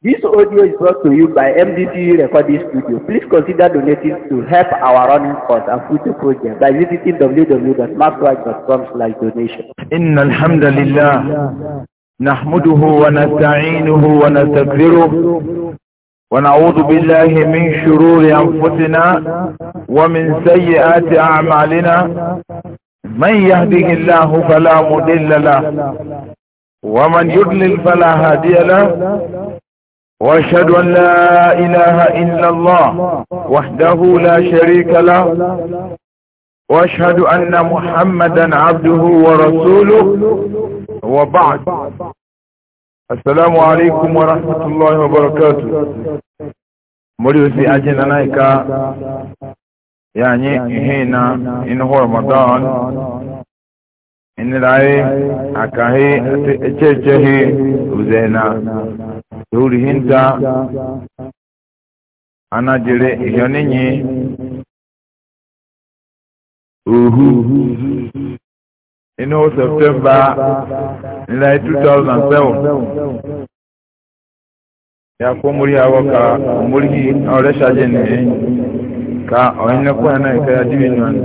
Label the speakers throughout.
Speaker 1: This audio is brought to you by MDCU Recording Studio. Please consider donating to help our running costs and future projects by visiting www.maxwatch.com slash donation. إن الحمد لله نحمده ونستعينه ونستغفره ونعوذ بالله من شرور أنفسنا ومن سيئات أعمالنا من يهده الله فلا مضل له
Speaker 2: ومن يضلل فلا هادي له
Speaker 1: واشهد ان لا اله الا الله وحده لا شريك له واشهد ان محمدا عبده ورسوله وبعد السلام عليكم ورحمة الله وبركاته مريوسي اجينا نايكا يعني هنا انه رمضان ان العي اكاهي اتشهي وزينا lórí hinta anajere ìyọnìyí òhu inú september nílẹ̀ 2007.
Speaker 2: ya kó mórí awọ ka mórí ọrẹ nìyẹn ka ọ̀yin lẹ́kọ̀ọ́ yẹn náà ìkẹyà dìbò ìyọ̀n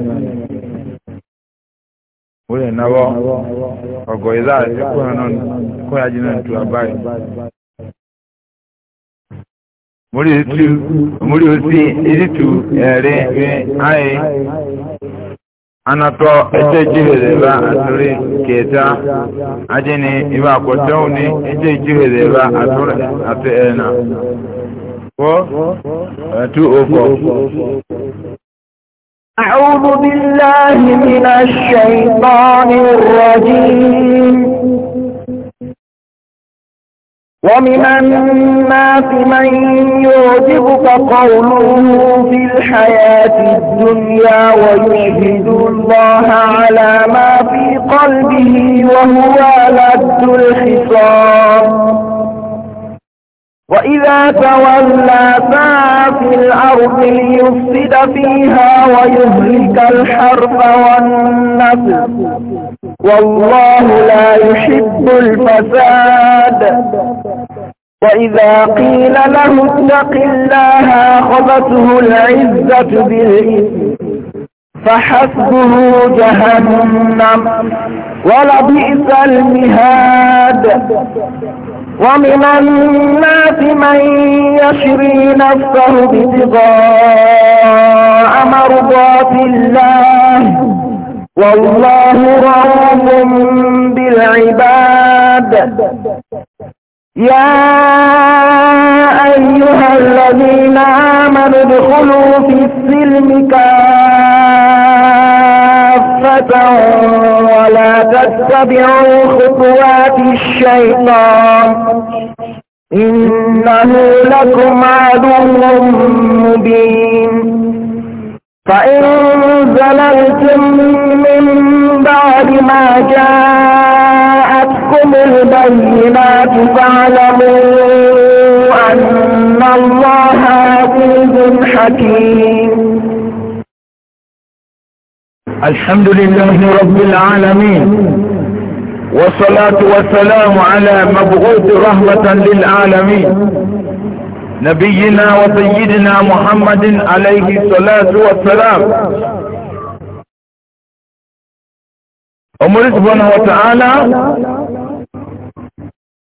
Speaker 1: mórí ẹ̀ náwó yẹn náà kó muri otu muri osi editu ere ayi anatɔ ɛtɛ jihele ba aturi keta ajini iba akɔtɔw ni ɛtɛ jihele ba aturi ati ɛna ko ɛtu okɔ. أعوذ بالله من الشيطان الرجيم ومن الناس من يعجبك قوله في الحياة الدنيا ويشهد الله على ما في قلبه وهو لد الخصام وإذا تولى سعى في الأرض ليفسد فيها ويهلك الحرث والنسل والله لا يحب الفساد وإذا قيل له اتق الله أخذته العزة بالإثم فحسبه جهنم ولبئس المهاد ومن الناس من يشري نفسه بتضاء مرضات الله والله رب بالعباد يا أيها الذين آمنوا ادخلوا في السلم كافة ولا تتبعوا خطوات الشيطان إنه لكم عدو مبين فإن زللتم من بعد ما جاءتكم البينات فاعلموا
Speaker 2: أن الله عزيز حكيم
Speaker 1: الحمد لله رب العالمين والصلاة والسلام على مبعوث رحمة للعالمين نبينا وسيدنا محمد عليه الصلاة والسلام أمر سبحانه وتعالى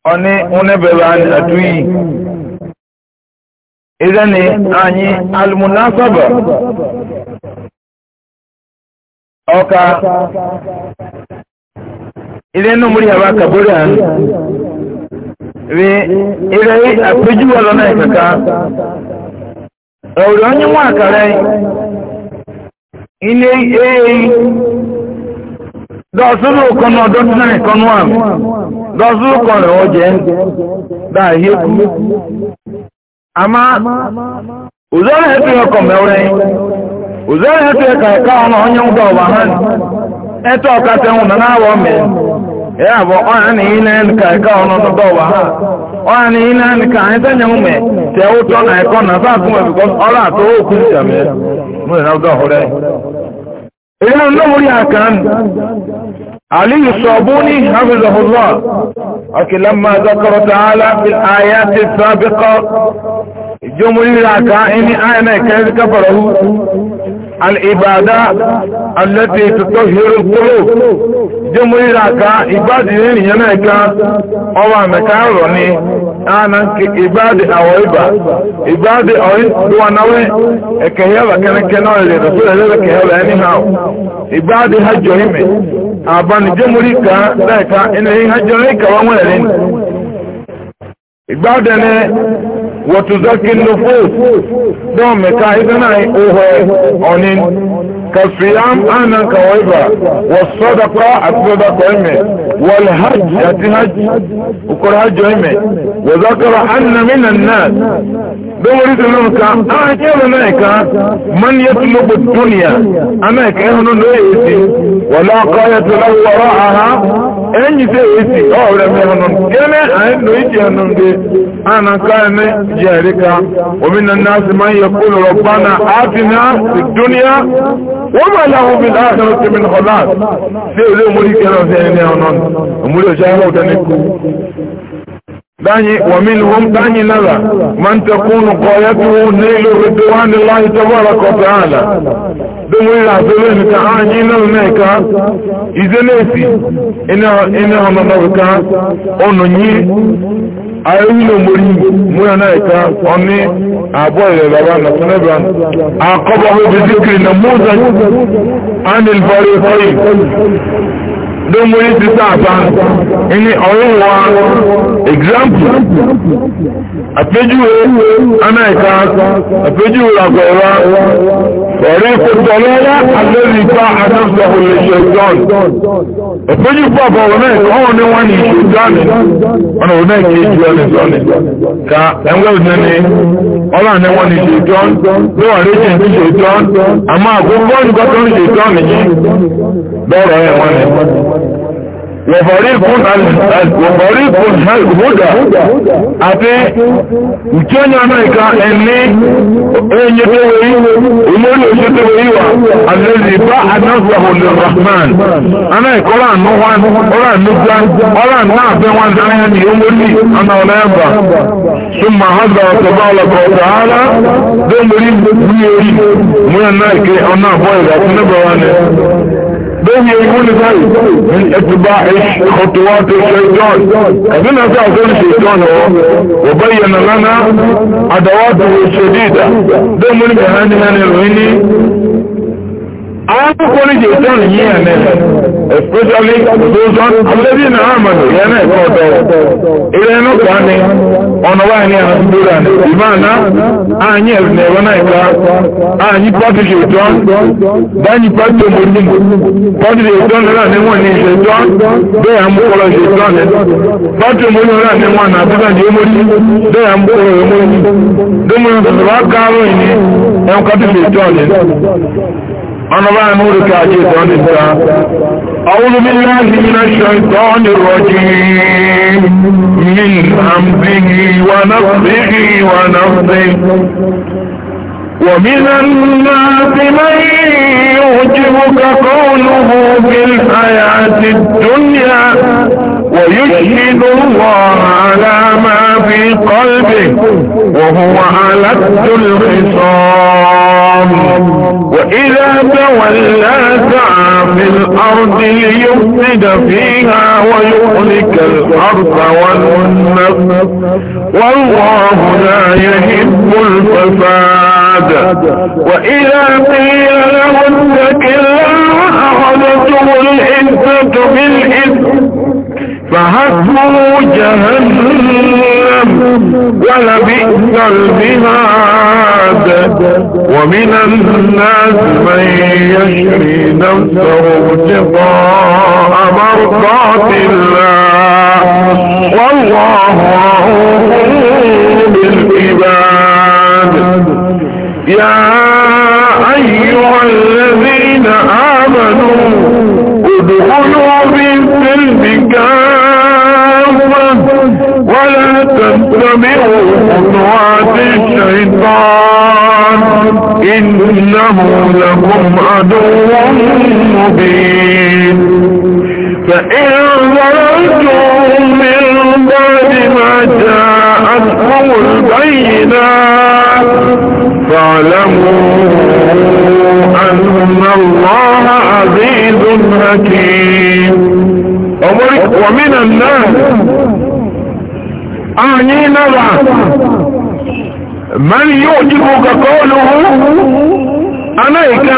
Speaker 1: أني أني ببان أتوي إذا أني المناسبة أوكا إذا نمري هباك كبران. we ire apeju wala na kaka ọrọ onye nwa akara ile eyi dọsụrụ ụkọ na ọdọtụna ịkọnụ a dọsụrụ ụkọ na ọjẹ dahie kwu ama ụzọ na etu ya kọmere ụzọ na etu ya ka ịka ọnụ onye nwụda ọwa ha etu ọkasị nwụ na na-awọ mee ya bụ ọnya e na ile e nka e ka ọnọdụ dọwa ha ọnya na ile nka anyị tanye ume tee ụtọ na ịkọ na fa akụme bikọ ọrụ atọ okwu ncha mee mụ na ọdọ ọhụrụ ihe ndị mụrụ ya aka m علي الصابوني حفظه الله لكن لما ذكر تعالى في الآيات السابقة جمهور العكائن أنا كذلك فره العبادة التي تطهر القلوب جمهوري راكا عبادة ينينيكا أو مكاروني أنا عبادة أو عبا عبادة أو دوانوي كهيبا كان كنوي لرسول الله كهيبا anyhow عبادة هجو همي أبان جمهوري كا ذاكا إنه هجو همي كوامو لرين ìgbádẹni wọ̀túzọ́kí lófó dán mẹ́ta ìdáná ìhọ̀ ọ̀ní kàfíàm àná ana ìbà wọ̀ sọ́dọ̀kọ́ àti sọ́dọ̀kọ́ ìmẹ̀ wọ̀l hajj àti hajj òkúrò hajj ìmẹ̀ wọ̀ zọ́kọ́rọ̀ àná mínà náà dọ́wọ́rí tó náà ká ààkẹ́ ọ̀rọ̀ náà ká man yẹ tó lóko dúnìyà àná ìkẹ́ ìhùn náà lóye èsì wọ̀lá ọkọ̀ yẹ tó lọ́wọ́ enyi se esi ọrẹ mi ọnụ kene anyị nọ iji ọnụ ndị a na nka eme ji erika omina nna asị ma ihe kwụlụ rọba na atina si dunia wọ́n máa láwọn obìnrin láàrin ọ̀sẹ̀ mi nìkan láàrin sí ilé òmùrí kẹrin ọ̀sẹ̀ ẹni ọ̀nà òmùrí ọ̀sẹ̀ ẹni ọ̀dọ́ kú داني ومنهم داني نذا من تكون قايته نيل رضوان الله تبارك وتعالى دم الله سبحانه تعاني نلنيكا إذا نسي إنها إنها نذكا أنني ayélujára mori múra náà ká ọní àbọ̀ ilẹ̀ bàbá nàtúnẹ́bà àkọ́bọ̀ ọ̀hún bìí síkiri na mọ́sán ánìlfàrí ọ̀yìn domori ti sáàpá ní ọ̀rọ̀wà example àpéjúwe anáìka àpéjúwe àgbọ̀wá ọ̀rẹ́ ìfòtọ̀lọ́wọ́ alẹ́rìípa àtúnṣe olè ṣẹ̀dọ́n àpéjú pọ̀pọ̀ ọ̀nà ọ̀hún ni wọ́n ní ṣẹ̀dọ́n ọ̀nà ọ̀nà ìkejì ọ̀nà ìdọ́nì ka ẹ̀wọ́n ìdẹ́ni ọ̀là ni wọ́n ní ṣẹ̀dọ́n ló wà lẹ́jẹ̀ ní ṣẹ̀dọ́n àmọ́ àkókò ìgbọ́tọ̀ ń ṣẹ̀dọ́n nìyí lọ́rọ̀ ẹ̀wọ́n ni وفريق وفريق هدى àti ìtí ọ̀nà amẹ́ríkà ẹni ẹ̀yẹ tó wẹ̀ yíwò ìmọ̀lẹ̀ oṣù tó wẹ̀ yíwà àlẹ́lẹ́ bá anáfíàwò lè rahman amẹ́ríkà ọ̀rọ̀ àánú wọn ọ̀rọ̀ àánú gbá ọ̀rọ̀ àánú àfẹ́ wọn dáhẹ́ ní ọmọlẹ̀ ọ̀nà ọ̀nà ẹ̀bà súnmọ́ àhàdà ọ̀tọ̀bá ọ̀lọ́kọ̀ ọ̀tọ̀hárá ló mọ̀rí mú orí mú ẹ̀ná ìkẹ́ ọ̀nà àbọ̀ ìgbà fún بين يكون زي من اتباع خطوات الشيطان كمين هذا أقول الشيطان هو وبين لنا عدواته الشديدة ده من هاني يعني هاني الغني akwụkwọ ni jẹ tán yìí yẹn nẹ especially those on alẹ́bí náà àmàlù yẹn náà na ọ̀dọ́ ilẹ̀ inú kan ni ọ̀nà wáyé ní àwọn ìdúró ndị ìmáàná àányí ẹ̀rùn ẹ̀rọ náà ẹ̀ka àányí pọ́tìṣì ìtọ́n dáyìí pọ́tìṣì òmòdìmù pọ́tìṣì ìtọ́n náà ní wọ́n ní na ya أنا بقى نورك عجيز عن انت أعوذ بالله من الشيطان الرجيم من امره ونفسه ونفسه ومن الناس من يعجبك قوله في الحياة الدنيا ويشهد الله على ما في قلبه وهو ألد الخصام وإذا تولى سعى في الأرض ليفسد فيها ويهلك الأرض والنفس والله لا يهب الفساد وإذا قيل له اتك الله أخذته الحزة بالإثم فحسبه جهنم ولبئس المهاد ومن الناس من يشري نفسه ابتغاء مرضات الله والله رؤوف بالعباد يا ايها الذين امنوا ادخلوا في السلم كافة خطوات الشيطان إنه لكم عدو مبين فإن ظلتم من بعد ما جاءتكم البينات فاعلموا أن الله عزيز حكيم ومن الناس ààyè náà mẹ́rin yóò jí kó kọ̀kọ́ olówó anáìka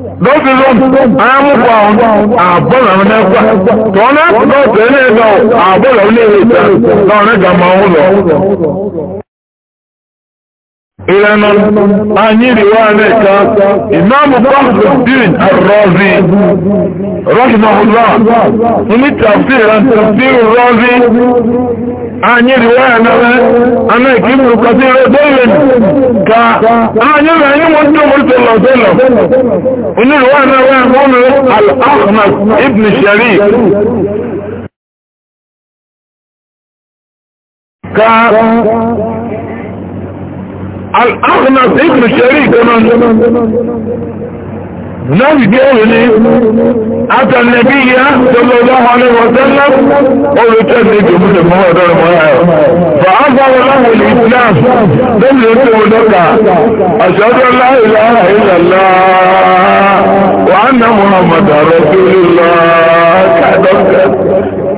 Speaker 1: dọ́ọ̀tì ló àmúkọ̀ àbọ̀là mẹ́kọ̀ tọ́nà dọ́ọ̀tì ẹ̀lẹ́ ẹ̀dọ̀ àbọ̀là ilé ìta lọ́rẹ́ gàmà ọ̀lọ́. ìlànà anyínríwá ẹ̀ka ìmáàmù bọ́ọ̀sùdín rọ́ọ̀zì rọ́ọ̀sìmọ̀hùlá ní tàbí rọ́ọ̀zì mùkàtí rẹ̀ ta ààyè rẹ̀ ní wọ́n tí ó mọ́rí tọ́lọ̀ tọ́lọ̀ náà wọ́n mọ́rí al-ahmad ibn sharif ka al-ahmad ibn sharif نبي بيقولني أتى النبي صلى الله عليه وسلم قولوا تبني جمهور الموضوع الموضوع فأظهر له الإسلام بل يقول لك أشهد أن لا إله إلا الله وأن محمد رسول الله كذبت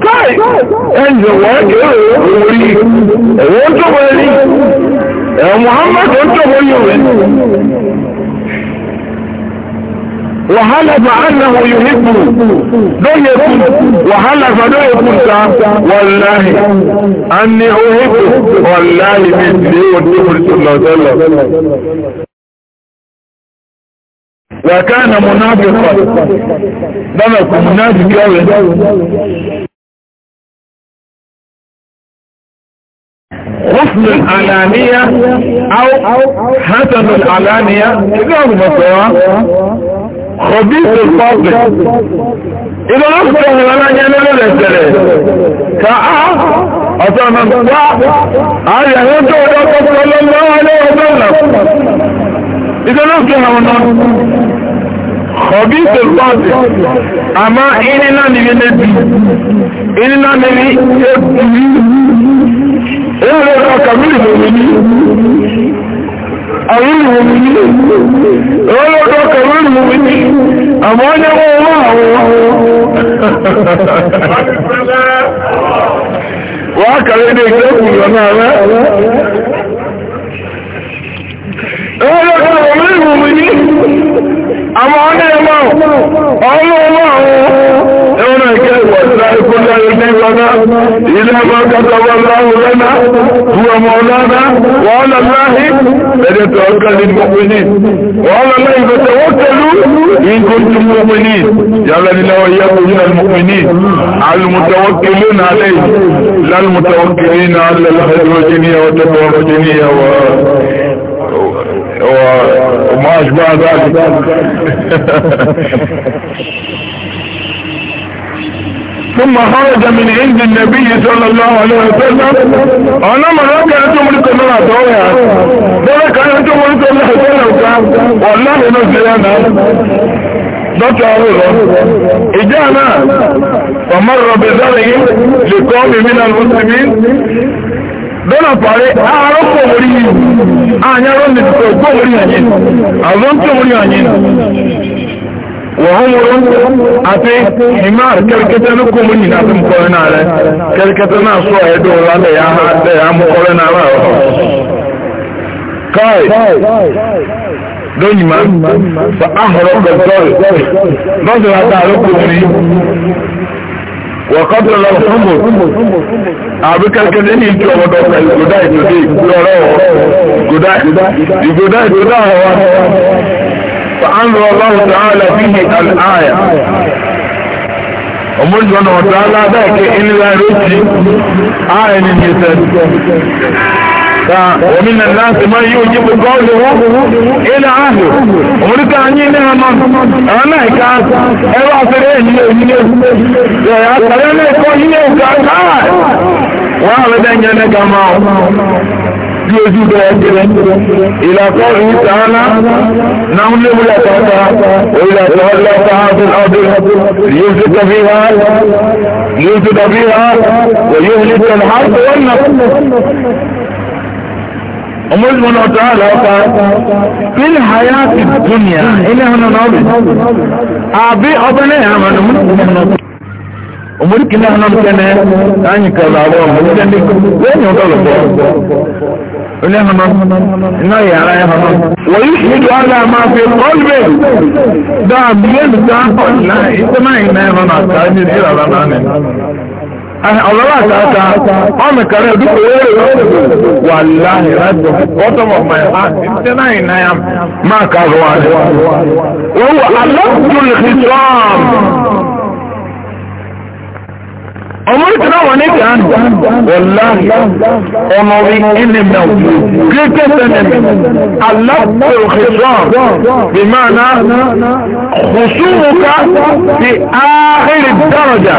Speaker 1: كاي أنت واجه أوري أنت ولي محمد أنت ولي وحلف انه يحبه ده يقول وحلف ده يقول والله اني احبه والله مثلي والنبي صلى الله عليه وسلم وكان منافقا ده منافق قوي غفل العلانية او حسن الانانيه كده هو òbí ìsòpọ̀pẹ̀ ìlú ọ̀pọ̀ ìrànlọ́jẹ́ lórí ẹ̀sẹ̀rẹ̀ ka á ọ̀tọ̀ ọ̀nà gbá ààrẹ ẹ̀rọ tó ọjọ́ pọ̀pọ̀ lọ́wọ́ lọ́wọ́ lọ́wọ́ ìdọ́lọ́pẹ̀ àwọn ọ̀nà ọ̀bí ìsòpọ̀pẹ̀ àmá ìrìnà nìrí lẹ́bí ìrìnà nìrí ọ̀rìnrìn omi ní olóòdó kẹrìnrìn omi ní àmọ́ ní wọ́n wọ́n àwọn wọ́n kàrí ní ìgbẹ́kùn ìrọ̀nà rẹ̀ olóòdó kẹrìnrìn omi ní àmọ́ ní ẹmọ́ ọlọ́wọ́ àwọn ẹwọ́n náà kẹ́ ìwọ̀n ìlà ìkọ́lá ilé ìwọ̀n náà ilé ẹmọ́ kẹta wọ́n láwọn lẹ́nà ومولانا وعلى الله فليتوكل المؤمنين وعلى الله فتوكلوا إن كنتم مؤمنين جعلنا وإياكم من المؤمنين المتوكلون عليه لا المتوكلين على الهيدروجينية والتبوروجينية و... و... وما أشبه ذلك ثم خرج من عند النبي صلى الله عليه وسلم أنا ملاك أنت ملك الله دويا ملاك أنت ملك الله دويا والله نزل أنا dọ́tọ̀ ọ̀rọ̀ ìjá náà ọmọrọ̀ bẹ̀zẹ́rẹ̀ lèkọ́ mìíràn mùsùlùmí lọ́nà parí àárọ̀ pọ̀ orí yìí àyàrọ̀ nìtìkọ̀ gbọ́ orí àyìn àwọn tó orí àyìn وعمر أتي حمار كركتا لكم من ناسم قولنا عليه كركتا ناسوا يدور عليه يا مقولنا عليه كاي دونيما فأهرق الزوج نظر تعلقوا لي وقبل الحمر أبكر كذني إنتو ودوك الجداي تدي لورو جداي جداي جداي فأمر الله تعالى فيه الآية ومن جوانا وتعالى ذاك إن لا رجي آية النسان ومن الناس من يوجب قوله إلى آخر ومرك أني نعم أنا كاس أرى سرين يا سرين يكون هنا وكاس وهذا دنيا نقام tí ojú bẹ̀rẹ̀ ìlàkọ́ ìtàánà náà lè múlẹ̀ tọ́ta orílẹ̀-èdè ọlọ́ta ààbùn ọdún yóò tó tọ́bí wá yóò tó tọ́bí wá yóò ní tọ́nà ààbùn wọ́n náà ọmọ ìgbọ́n náà tọ́ àlọ́ta fílì hayá ti dúnìá ilé ọ̀nà náà bí àbí ọbẹ̀ omori kini anan kene anyi kala awo omori kene wẹni ọdọ lọbọ oní ẹhọnọ iná yàrá ẹhọnọ wọ́n yìí ṣíjú ọ̀la máa fi kọ́lùbẹ̀ dáa bí ẹnu dá ọ̀la ìsẹ́mà iná ẹhọnọ àtàrà ní ìdí ọ̀la náà nì ọ̀lọ́lá àtàtà ọmọ ìkàrẹ́ ìdúkọ̀ owó wà láàyè rájọ bọ́tọ̀ mọ̀ mọ̀ ẹ̀há ìṣẹ́ náà iná yà máa kà lọ́wọ́ rẹ̀ wọ́n wà alọ́kùnrin ọmọdé náwọn ní ìdáhùn wọ̀lá ọmọrí ilẹ̀mẹ̀ gírígẹ́ sẹ́nẹ̀mẹ̀ aláàpẹ̀rẹ̀sán bí máa ná kùsùnmùká ti ààrẹ dárọjà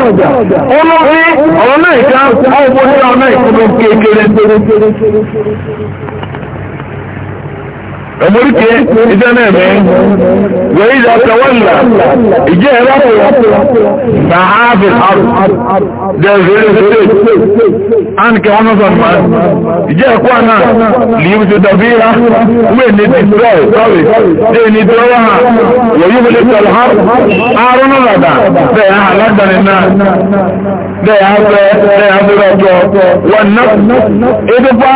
Speaker 1: olórí ọ̀rọ̀ náà ìká ọgbọ́n náà ìkúnnú kékeré ẹmọrike ìjẹ náà mẹ wẹ ìjà tẹwọlá ìjẹ ẹlá tó na ààbò àrò dẹrẹ lẹsẹ ànkẹ wọn sọ ma ìjẹ ẹkọ àná lìyìí tó dàbí ha wẹ ní destroy sorry dé ní dọwọ ha wẹ yìí wọlé tọlọ ha àrùn lọdà bẹẹ ha lọdàní náà bẹẹ ha fẹ bẹẹ ha fẹ lọtọ wọn náà ètò pa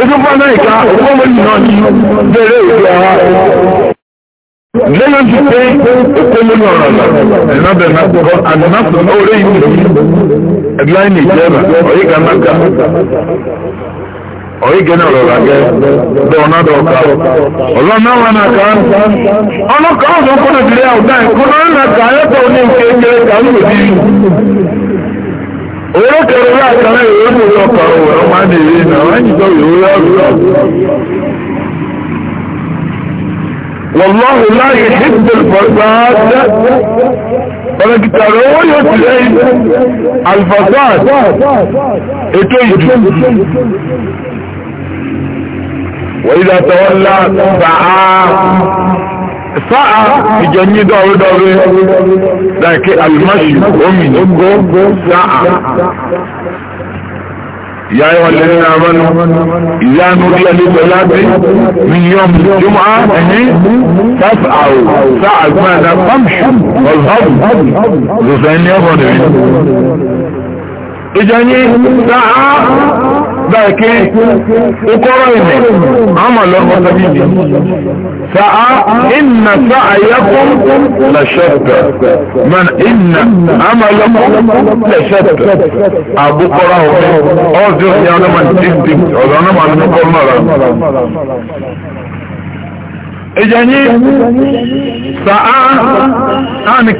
Speaker 1: ètò pa náà ìka òkú wọn yìí náà ní bẹ̀rẹ̀ ìgbà wa lẹ́yìn tí pé ó lórí ọ̀rọ̀ ẹ̀nàbẹ̀ nàkọ́ àdínàtò orí ìlú ẹ̀dláìnì ìjẹ́bà ọ̀yí gánàkà ọ̀yí gẹ́nà ọ̀rọ̀ ràgẹ́ dọ̀ọ̀nàdọ̀ ọ̀ká ọ̀lọ́nàwà nàkà ọlọ́kà ọ̀sán kọ́nà ìdílé àwùdá ìkọ́nà nàkà ayẹ́tọ̀ ní ìkékeré kàlùkù owó kẹrẹ wá àkàrà ìwé mú ọkọ̀ ọ̀rọ̀ ọmọdé yìí náà wọ́n ń jọ ìwé ọ̀rọ̀ والله لا يحب الفساد ولكن تروي تلاقي الفساد اتجد وإذا تولى سعى سعى في جني دور دور لكن المشي ومن سعى يا أيها الذين آمنوا إذا نودي للصلاة من يوم الجمعة تسعوا سعد ماذا فامشوا واذهبوا حسين يا ظالمين إجاني ساعة dáìké ukọ́rọ̀ ìmẹ̀ àmàlọ́ ọ̀sọ̀bíbi sa'a inna sa'ayakum la shatta man inna amalakum la shatta abu qara wa ọjọ́ ni ọ̀nà man tintin ọ̀dọ̀ ọ̀nà man ní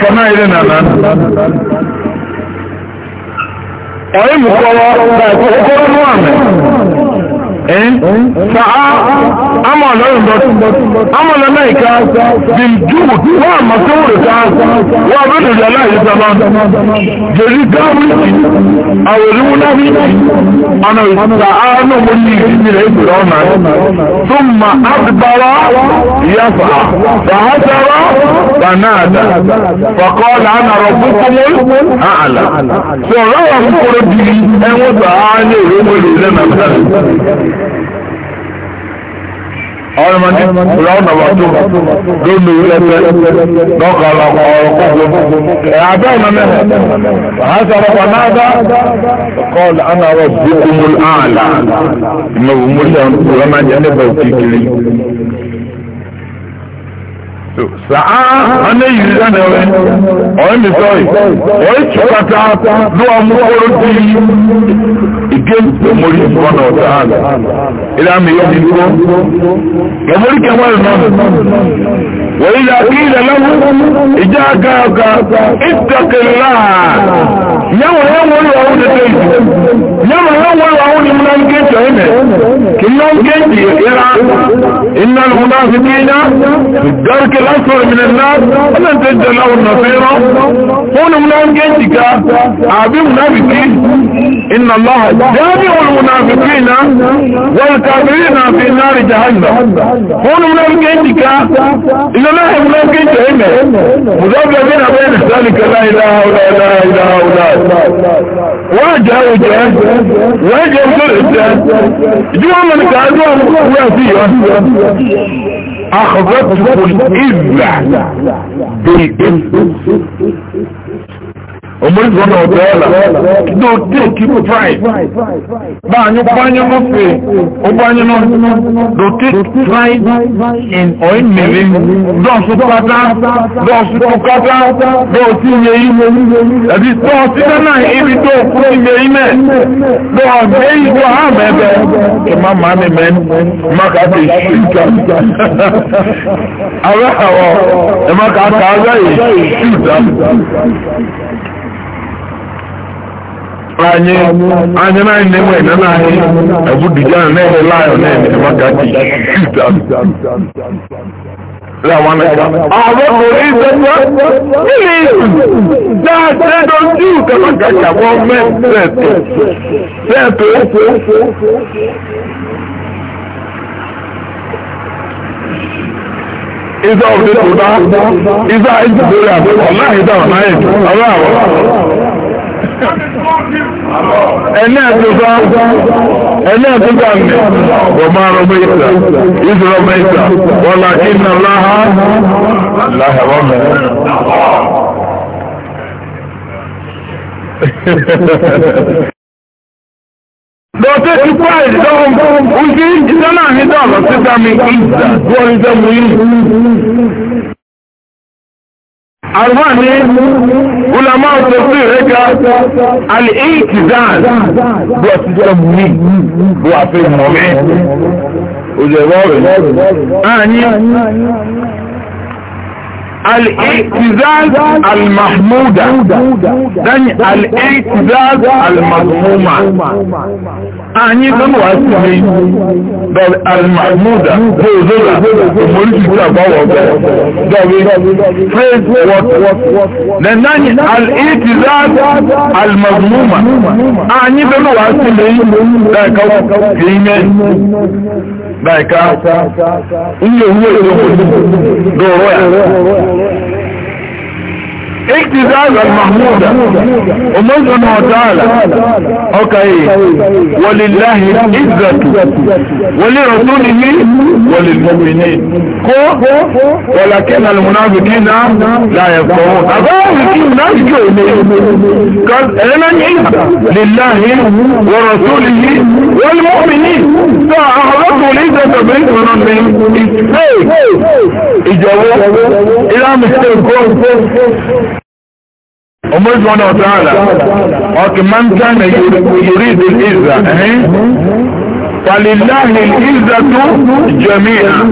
Speaker 1: kọ́rọ̀ náà ọ̀rẹ́ mi kọ́ wọ́n bá ẹ̀kọ́ kọ́ nínú àmì. ama ọlọrun bọ ama ọlọrun ẹka bìjúwò wọn àmọtẹwò ká wọn abẹnú ìyá láàyè sábà jèrè gáwìtì àwòrán náà ọ̀nà ìta àánú mo ní ìrìnnìrẹ ìgbèrè ọ̀nà tó mà àdìbára ìyá fà fàájára fànáàdà fàkọ́ọ̀lá ànàrọ̀ fúnkúmọ́ àlà sọ̀rọ̀ àwọn
Speaker 2: àwọn ọmọ ní ìlànà wà tó lónìí lẹ́sẹ̀
Speaker 1: lọ́kà ọ̀rọ̀ kọ̀ọ̀kọ̀ ẹ̀ abẹ́ ọ̀nà mẹ́rin wàá sọ̀rọ̀ wà náà dá kọ́ọ̀lù àná rọ̀ bí kúmul àlà ìmọ̀ òmùlẹ̀ ọ̀nà jẹ́ nípa òkè kiri. sàá ọ̀nà yìí lẹ́nu rẹ̀ ọ̀rẹ́ mi sọ̀rọ̀ ọ̀rẹ́ tùkàtà lọ́wọ́ mú kóró gé lomori ìfọ̀nà ọ̀tá àlà ilé àmì yóò ní kó lomori kẹwàá ìnáwó wọ́n ilé àti ilẹ̀ lọ́wọ́ ìjà àgàgà ìtẹ̀kẹ̀lá yẹ́wọ̀ yẹ́wọ̀ lọ àwọn ètò ìlú yẹ́wọ̀ yẹ́wọ̀ lọ àwọn ìmúná ń gé jọ ẹ̀mẹ̀ kí ló ń gé jì ìra iná lọ́mọdá fi kí iná ìdárúkẹ lásán ìmìnira náà ọ̀nà ìtẹ̀jẹ̀ láwọn nàfẹ́ràn fún ìmúná ń gé jì ká àbí ìmúná fi kí iná lọ́hàn جامع المنافقين والكافرين في نار جهنم هون منافقين دكا إذا لا منافقين جهنم مذبذبين بين ذلك لا إله ولا لا إله ولا واجه وجه واجه وجه جوا من كادوا ويأتيه أخذتكم الإذن بالإذن omori tí wọn náà ọdọ ọlà ló dé keep pride bá a nyọkọ anyi náà fè ọgbọ anyi náà ló dé pride in ọyìn mèrè dọ́ọ̀sù pátá dọ́ọ̀sù tukátá dọ́ọ̀sù yẹyí àbí dọ́ọ̀sù nánà ibi tó kú yẹyí mẹ dọ́ọ̀sù yẹyí tó hà mẹ́bẹ́ kí má má mi mẹ́ má kà á ti sùn kà àwọn àwọn ẹ̀ má kà á kà á bẹ́ẹ̀
Speaker 2: anyị anyị naanị na-enwe na naanị ebuduja na na-enwe layo na-enwe maka ka shoot
Speaker 1: out Àwọn ọmọkùnrin ìjọba nílé ìlú dáadé lójú kàmàkàkà wọ́n mẹ́sẹ̀tò sẹ́ẹ̀tò ìzọ̀ òde tó dá ìzọ̀ àìsí lórí àbúrò náà ìzọ̀ ọ̀nà ìdù àwọn. ẹlẹ́ẹ̀dọ́gbà ẹlẹ́ẹ̀dọ́gbà mi ọmọ ọmọ ìsà ìsọ̀rọ̀ ọmọ ìsà wọ́lá iná láhá láhàwọ́ mẹ́rin. Dọ̀tí ti kú àìsàn ojú ìjìnlẹ̀ náà ní dọ̀lọ̀ síta ìjà gbọ́ ìjọ mú ìlú. àwọn ní ulama òtòsí ìrẹ́gà alìíkì dáàn bí ọtí jẹ́ mí bó àfihàn mọ́ mi òjò ìwọ́ rẹ̀ náà ní. الاعتزاز المحمودة دني الاعتزاز المضمومة أني كم واسمي دول المحمودة دول دول ومولي كتابة دول فريز وات لأنني الاعتزاز المضمومة أني كم واسمي دول كيمين báyìí ká ilé ìwé ìwé ìwé ìwé ìwé ìwé اجتزاز المحمودة الله سبحانه وتعالى اوكي ولله العزة ولرسوله وللمؤمنين ولكن المنافقين لا يفقهون المنافقين نشكو قال انا العزة لله ورسوله والمؤمنين فأخذته العزة بإذن من إجابه إلى مستقبل عمر سبحانه وتعالى لكن من كان يريد العزة فلله العزة جميعا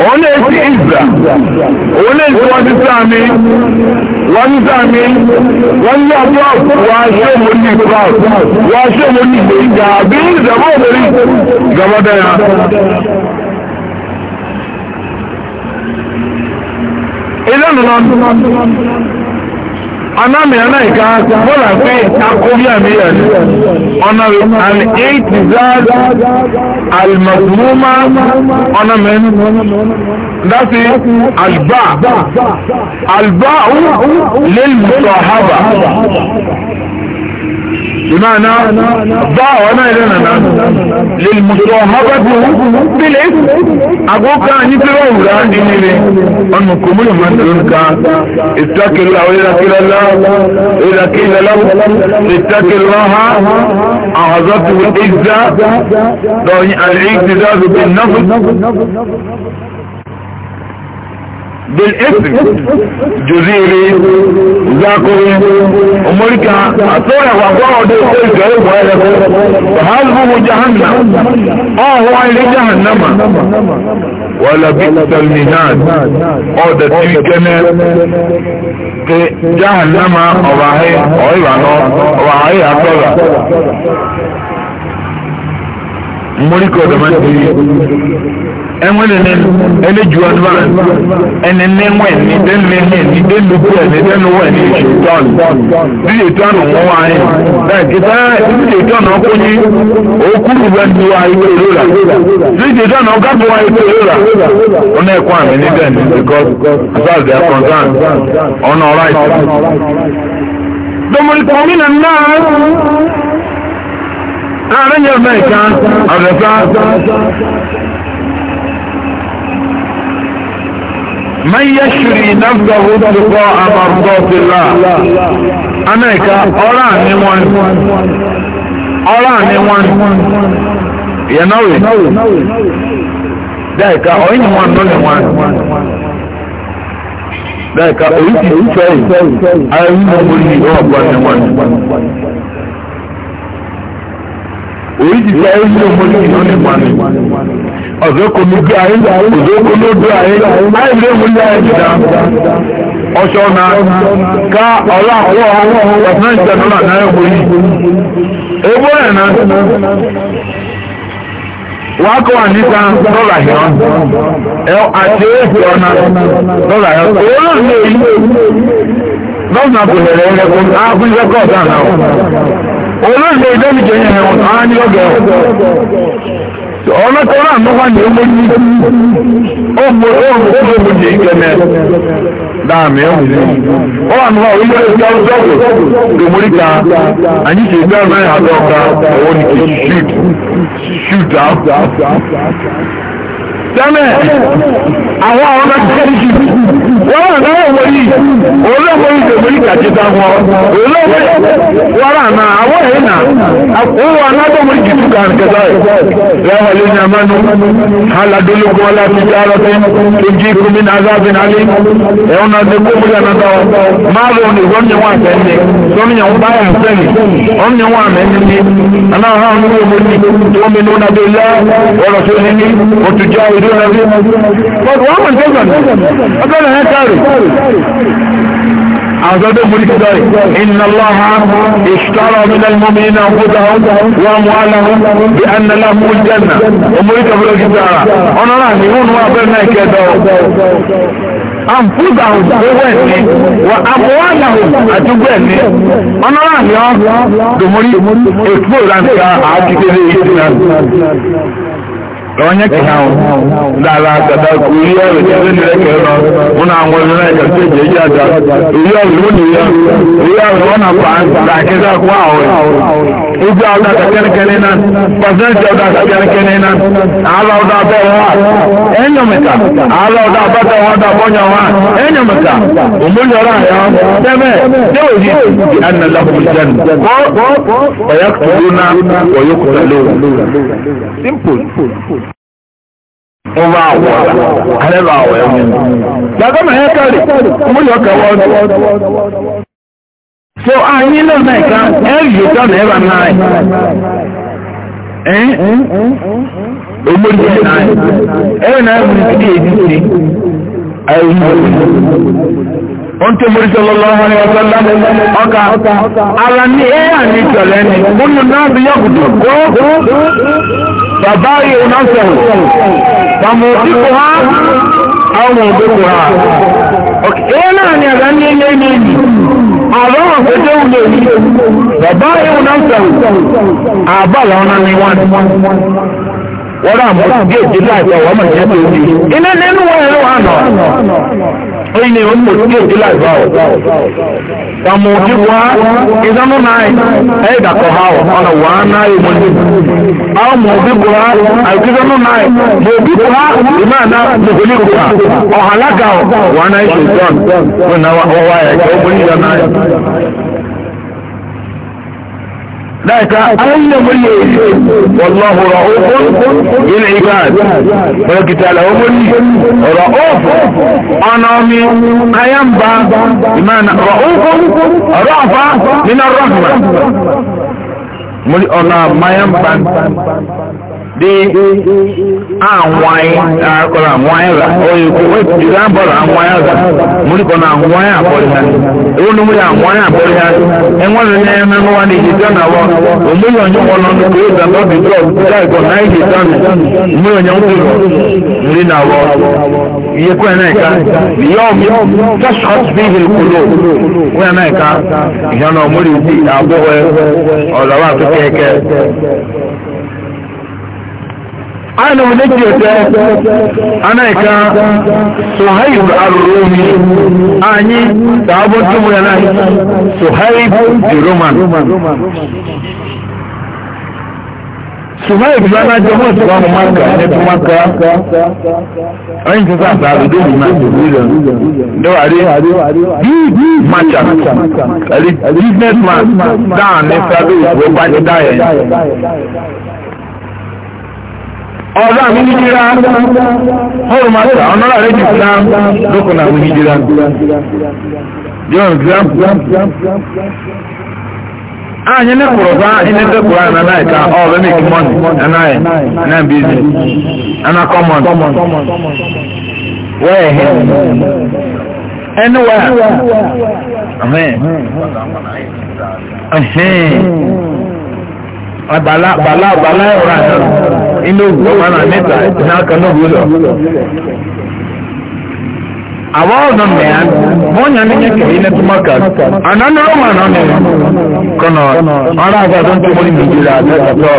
Speaker 1: هنا العزة هنا الواد الثاني والثاني والنظر واشم النفاق واشم النفاق بعزة مغري قبضا إذا نظر anamina náà ìka bọ́lá pé akóbí àmìyà ni ọ̀nà an eight zad almakumuma ọ̀nà mẹ́rin dasi alba alba lẹ́lùmọ̀tò ahaba.
Speaker 2: بمعنى ضعنا لنا نعم. للمصاحبة
Speaker 1: بالاسم أقولك أني في أولا إني لي من يمنونك اتك الله وإذا كلا الله إذا كلا الله اتك الله أعظته الإجزاء دعني الإجزاء بالنفس بالاسم جزيري ذاكري امريكا اطلع وقعد يقول فهذه جهنم اه هو الى جهنم ولا بئس المهاد قد تيكنا جهنم وراهي وراهي اطلع امريكا دمان ẹnwẹ́lẹ̀ ní ẹlẹ́jù ọdún ẹni níwẹ̀ ní dẹ́nìlẹ́hìn ní dẹ́nìlùkú ẹ̀ní dẹ́nìwọ̀ ẹ̀ní ìṣètọ́nù bí ìtọ́nù wọn wá yẹn bẹ́ẹ̀ kìtà ìdíje ìtọ́nù ọkùnrin yìí òkúrú bẹ́ẹ̀ ti wá ìwé ìrora ìdíje ìtọ́nù ọgábọ̀ wá ìwé ìrora ọ̀nà ẹ̀kọ́ àmì ní bẹ́ẹ̀ ní because as they are concerned ọ̀nà ọ̀rá ìtọ́nù. dọ̀mọ̀lìkọ̀ mí ààrẹ yẹn mẹ́ẹ̀ká àrẹ̀fá من يشري نفسه ابتغاء مرضات الله أمريكا أرى نيوان
Speaker 2: أرى نيوان
Speaker 1: يا نوي ذلك أين وان نوان ذلك أين شيء أين مريد ربا نوان
Speaker 2: أين شيء مريد نوان
Speaker 1: ọ̀zọ́kọ̀lójú anyị anyị ayé láìlé wọlé ayé jìdá ọ̀ṣọ́ na ká ọrụ àwọ̀ ọ̀sán ìjẹ̀dọ́là náà wọlé egbó ẹ̀ náà wàá kọ́ wà níta lọ́la yọ ẹ àti ọrụ ọ̀nà kan náà ló wà ní owó ní ọmọ ọmọ tí ó mọ̀jẹ̀ ìkẹ́mẹ́ dáàmì ẹ̀hùn ní ọ wà níwá orílẹ̀ èdè ọjọ́gbò lòmúríkà àyí ṣe gbé ọ̀nà àdọ́ọ̀ka ọwọ́ ní kì í shoot shoot out. tẹ́lẹ̀ àwọn ọ̀nà kẹ́kẹ́ wọ́n a wọ́n yìí olóòwò yìí lè wọ́n kàjẹ́ta wọn olóòwò wọ́n náà àwọn èèyàn náà àkóhùn anábọ̀ wọ́n yìí tún kàn kẹta rẹ̀ ní amánu aládólógún aláfíjà arọ́tẹ́ tó jí kúmi alẹ́ ẹ̀wọ̀n náà ti kó múlẹ̀ náà tọ́ máa ní ìwọ́n nwa wọn báyà sẹ́ni wọn àmẹ́ni ní tó mi lẹ́ kẹrù àwọn tó dókun ní kẹtọ́ rẹ̀ iná lọ́ha ìṣtọ́rọ̀ ọ̀dọ́dọ́ mọ́mí iná ọkọ̀tà wọn mú aláhùn bí anàlá mú jẹ́nà ọmọrí kẹfẹ́lẹ́ kí tààrà ọ̀nà náà ní ìwọ̀n wọn abẹ́rẹ́ náà kẹtọ́ àǹfùdàhùn owó ẹ̀ní wà àmúwàdàhùn àdúgbò ẹ̀ní ọ̀nà náà ní ọ́ dòmórí èkúrò láǹkà àákíkéré ìdí náà onye ka ha dara akada uri ọrụ ebe nireke nọ mụ na nwere na ekete eji eji aja uri ọrụ mụ na ya uri ọrụ ọ na-akwa akịza akwa ahụ ịjụ ọda ka kenikeni na pasenti ọda ka kenikeni na ala ọda abọ ọwa enyomika ala ọda abata ọwa da bọnya ọwa enyomika omuliọra ya tẹmẹ tẹwòye di analamu jan kọ ọyọkutuluna ọyọkutalona simple
Speaker 2: ọba àwọ̀ àrẹ́bà àwọ̀ ẹ̀mú. Dàgbàmà yẹn kárì, mo yọ kẹwọ́ ọdún.
Speaker 1: So àyín náà náà ká ẹ̀rì ká mẹ́rà náà. Ẹ́n omori náà ẹ̀rì náà mú ìdí èdè sí àyín náà onto mori sallallahu alaihi wasallam oka ala ni e ya ni jole ni kunu na bi yakutu ko baba yi unaso tamu diko ha awon diko ha ok e na ni ala ni le ni ni ala wa ko de ule ni baba yi unaso abala ona ni wan wọ́n rà mọ́ bí èdè láìpẹ́ wọ́n mọ̀ jẹ́ pé omi iná nínú wọn ẹ̀rọ àná oyin ni wọ́n mọ̀ bí èdè láìpẹ́ ọ̀ tàmù ojú wa ìdánú náà ẹ̀ dàkọ̀ ha ọ̀ ọ̀nà wà á náà yẹ mọ́lẹ́ àwọn mọ̀ bí bùrá àìkú ìdánú náà mọ̀ bí bùrá ìmọ̀ àná mọ̀gòlì bùrá ọ̀hàlágà wà á náà yẹ sọ̀tọ̀ ذلك أين مريد والله رؤوف بالعباد ولكن لهم رؤوف أنامي أينبا بمعنى رؤوف رأفة من الرحمة مريد أنا ما ينبا dị anwanyị akọrọ anwanyị ra oyi kwe jiri abọrọ anwanyị ra mụrịkọ na anwanyị akpọrọ ha ewu na mmiri anwanyị akpọrọ ha enwere na ya na nwa na ijita na wọ omiri onye nwa nọ n'ụkwụ ịza na obi drọg daịgọ na ijita na mmiri onye nkwụ ịrọ mmiri na wọ ihe kwe na ịka ihe ọmị tashọt bihi kwudo kwe na ịka ihe na ọmụrụ isi abụghị ọzọwa atụkọ eke ana wulake ta ana ka suhaib ar-rumi anyi da abokin mu yana suhaib the roman suhaib lana jọmọ suwa mu maka ne tu maka ayin ti sa sa do mu na do do ari bi macha ali man? da ne sa do wo ba ni da ye
Speaker 2: ọ̀rọ̀ àmì nìjíra ọ̀rọ̀ máa tà ọ̀nà rẹ̀ jù fún náà lókun àmì nìjíra john graham
Speaker 1: anyị ne kụrụ ba ịne dekụrụ anyị na ka ọ bụ mek mọni anaghị na bizi ana kọmọn wee he anywhere amen bala bala bala ịwụrụ anyị inú ọmọlá mẹta n'aka náà wúlọ. àwọn ọ̀nà mẹ́à mọ́nyà ní yẹ́kẹ̀ ilẹ̀ tó mọ́kà àná ní ọmọ àná ní kọ́nà ọ̀rọ̀ àgbàdo tó mọ́ ní nìjíríà àtẹ́kọ̀tọ̀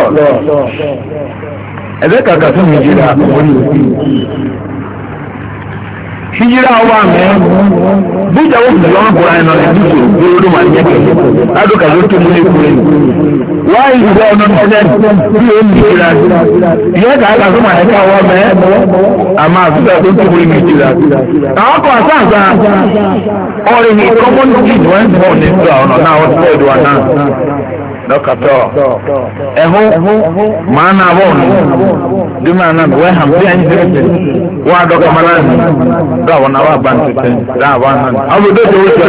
Speaker 1: ẹ̀bẹ́ kàkà tó nìjíríà mọ́ ní hijira wa mɛ bí ìjà wo fìlà wọn kura yẹn nọ ní ìdíje bí olódùmarè yẹn kẹ adùn kàdó tó múlẹ̀ kúrẹ́ nìyí wáyé ìgbà ọ̀nà ẹ̀dẹ́ bí ó ń bí ìlà ìyẹ́ kàákà fún àyíká wọ́n mẹ́ àmà àfihàn tó ń tó orí mi ìlà. àwọn kan àtàǹsà ọ̀rẹ́ ní kọ́mọ́nìtì ni wọ́n ń bọ̀ nígbà ọ̀nà náà wọ́n ti fẹ́ ìdúwà náà dɔkɔtɔ ɛho maa na bɔ ɔnu duma na wɛ ham bi anyi tɛtɛ wa dɔkɔ mara nu dɔw na wa ban tɛtɛ dɔw wa na awo do o tɛ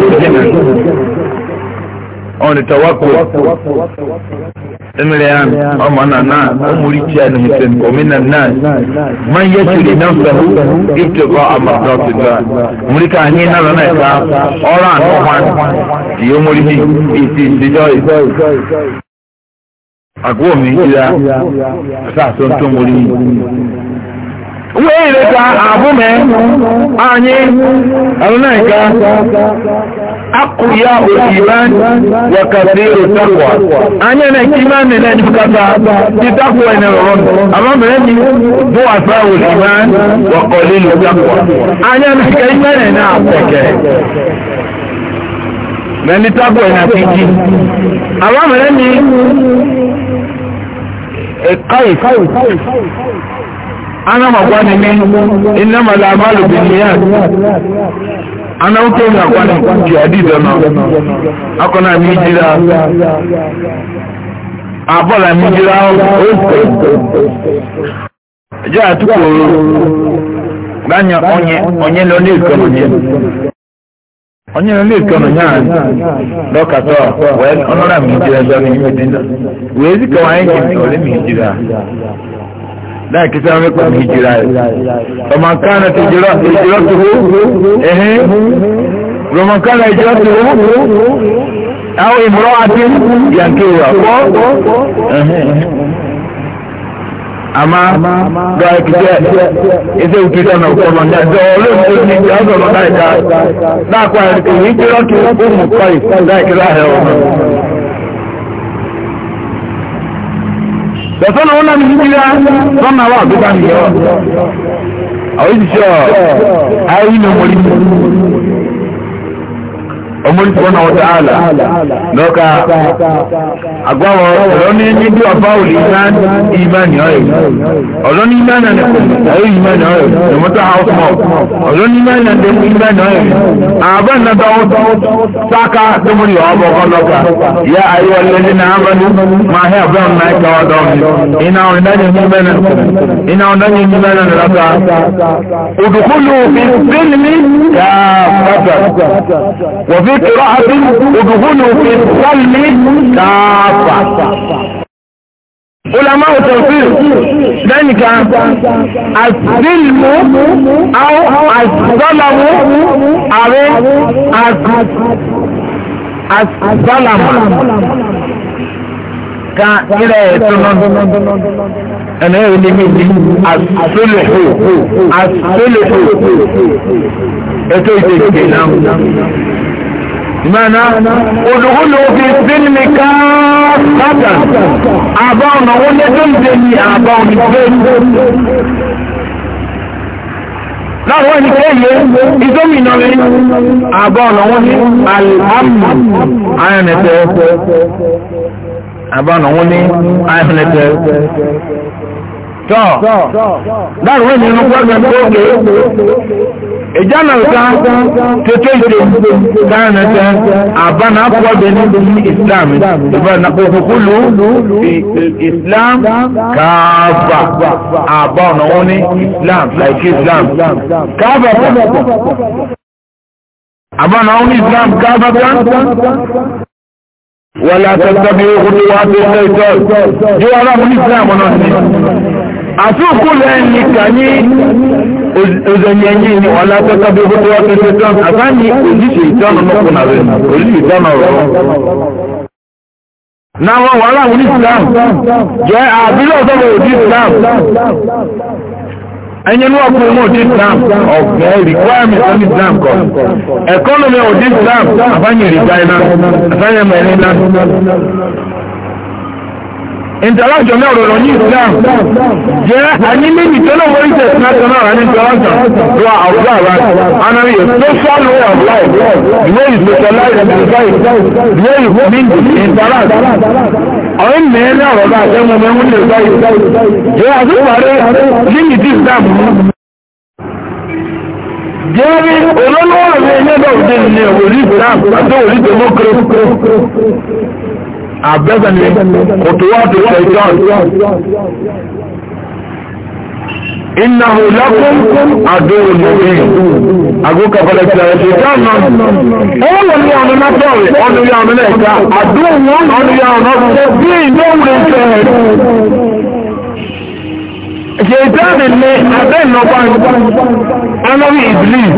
Speaker 1: ọ̀nì tawako ẹmẹrẹ yàn ọmọ na na ọmọrí tí a nà hìtẹ̀ ọmọnà náà máa ń yẹ kiri náà sọ̀rọ̀ ìtẹ̀ kọ́ àmọ̀tọ́ ti gbà ọmọrí ká ní náà lọ́nà ẹ̀ka ọ̀rọ̀ àná wọn isi ọmọrí ní ìtì ìdíjọ́ yìí.
Speaker 2: àgọ́ mi yíra
Speaker 1: wee leta abụme anyị arụnaịka akụya ojiman wakasiru takwa anyị na-eke ime anị na-enyepụkata dị takwa ịnarọrọ ama mere ni bụ asa ojiman wakọlilu takwa anyị na-eke ime anị na-apụke mẹni tábù ẹ̀ nàbí jí àwọn mẹrẹ ni ẹ̀ka ìfáwù
Speaker 2: ana makwani ne inna malamalu bin niyat
Speaker 1: ana oke onye akwani ji adịdọ nọ akọ na mi jira abọla mi jira ofe jẹ atukoro gbanya onye onye nọ n'ekọ onye onye nọ n'ekọ onye a dọkatọ wee ọnọrọ mi jira zọ n'ime dị wee zikọwa anyị ji nsọ ole mi láì kí sẹ́wọ́n nípa ní ìjìrà rẹ̀ ọmọ kánà ti ìjìrà tó hó ẹ̀hìn ọmọ kánà ìjìrà tó hó àwọn ìmúra àti yànkí wà kọ́ àmà gba ìkìtẹ́ ẹsẹ̀ òkìtẹ́ ọ̀nà ọ̀pọ̀lọ̀ ní ẹ̀dọ́ olóòtú ní ìjọ ọ̀sọ̀rọ̀ láìka láàpá ìjìrà tó hó mú kọ́ ìdáìkìlá ẹ̀ ọ̀nà Dọ̀tọ́nà wọn náà ní gbígbá sọ́nà wà tó bá ń yọ. Àwọn ìṣiṣẹ́ ọ̀ ayé ní ọmọ omori sọ́nà wata ala lọ́ka agbáwọ̀ ọ̀rọ̀ní níbi ọba òlì ìmáni ọ̀rẹ́ ọ̀rọ̀ní ìmáni ọ̀rẹ́ ìmáni ọ̀rẹ́ ìmọ̀tọ́ house mouth ọ̀rọ̀ní ìmáni ọ̀rẹ́ ìmáni ọ̀rẹ́ àbá nàdọ̀ sáka tómúlì ọ̀bọ̀ kọlọ́ka yá ayé ọ̀lẹ́lẹ́ náà amadu máa hẹ́ ọ̀bẹ́ ọ̀nà ẹ̀ka ọ̀dọ́ mi iná ọ̀rẹ́ náà yẹn mímẹ́ náà iná ọ̀rẹ́ náà yẹn mímẹ́ náà lọ́ka òdùkúlù fi fílmi káà pátá wọ́n fi قراءة ادخلوا في السلم كافة علماء التنفيذ ذلك السلم او الظلم او الظلم كإلى يتنون أنا أولي مني الصلح الصلح ètò ìdèkè náà mana udhulu fi sinmi kaafata àbáwọn náà wọn lẹjọ ìdè ní àbáwọn ní fẹẹ láwọn ẹni kéèyé ìdómìnà rẹ àbáwọn wọn ní alhamdu ayọnẹtẹ àbáwọn wọn ní ayọnẹtẹ tọ́ dáàrùn ènìyàn ní pọ́ọ̀gẹ̀ gbóògbé ìjánà ìta tètè ìtò káyọ̀nẹ́tẹ́ àbánà pọ́ọ̀gẹ̀ ní islam ìbáná òkúlù islam káàbà àbá ọ̀nà wọn ní islam like islam káàbà pọ̀ àbánà wọn ní islam káàbà pọ̀ wọ́lá tẹ́tọ́bí ogun wá tó tẹ́tọ́ jọ ara mú islam náà ni àtúkù lẹ́yìn kàní òzòyẹ̀yìn ni wọ́lá tẹ́tọ́bí ogun wá tó tẹ́tọ́ àtàní òjíṣẹ́ ìtọ́nà mọ́kùn náà rẹ̀ òjíṣẹ́ ìtọ́nà rọ̀ náà wọ́n wọ́lá mú islam jẹ́ àbílẹ̀ ọ̀dọ́gbọ̀ òjí islam ẹ̀yẹn ní ọkùnrin mọ́ ọdí islam requirement of exam kọ́ economy of islam àbáyẹ̀ rìgbáyìnà àbáyẹ̀ mẹ́rinà interaction náà rọrọ ní islam jẹ́ àní níbi tó náà wọ́n ṣe national and international. interaction to our observe and and a social way of life the way you socialize and society the way you mean to interact àwọn ènìyàn ní ọ̀rọ̀ bá jẹ́ mọ́mọ́ ń lè báyìí jẹ́ àtúpàrẹ́ líyìí tí ìdáàbò jẹ́ rí olólùwọ̀ rẹ̀ nígbà òde ní òrí ìdáàbò àti òrí demokro àbẹ́bẹ̀ ni òtòwà tó ṣe ìjọ́ إنه لكم عدو مبين أقول كفلت لا يشيطان أولا يعني ما تقول أنه يعني لك عدو أنه يعني مبين دور الشهد شيطان اللي أبين نبان أنا إبليس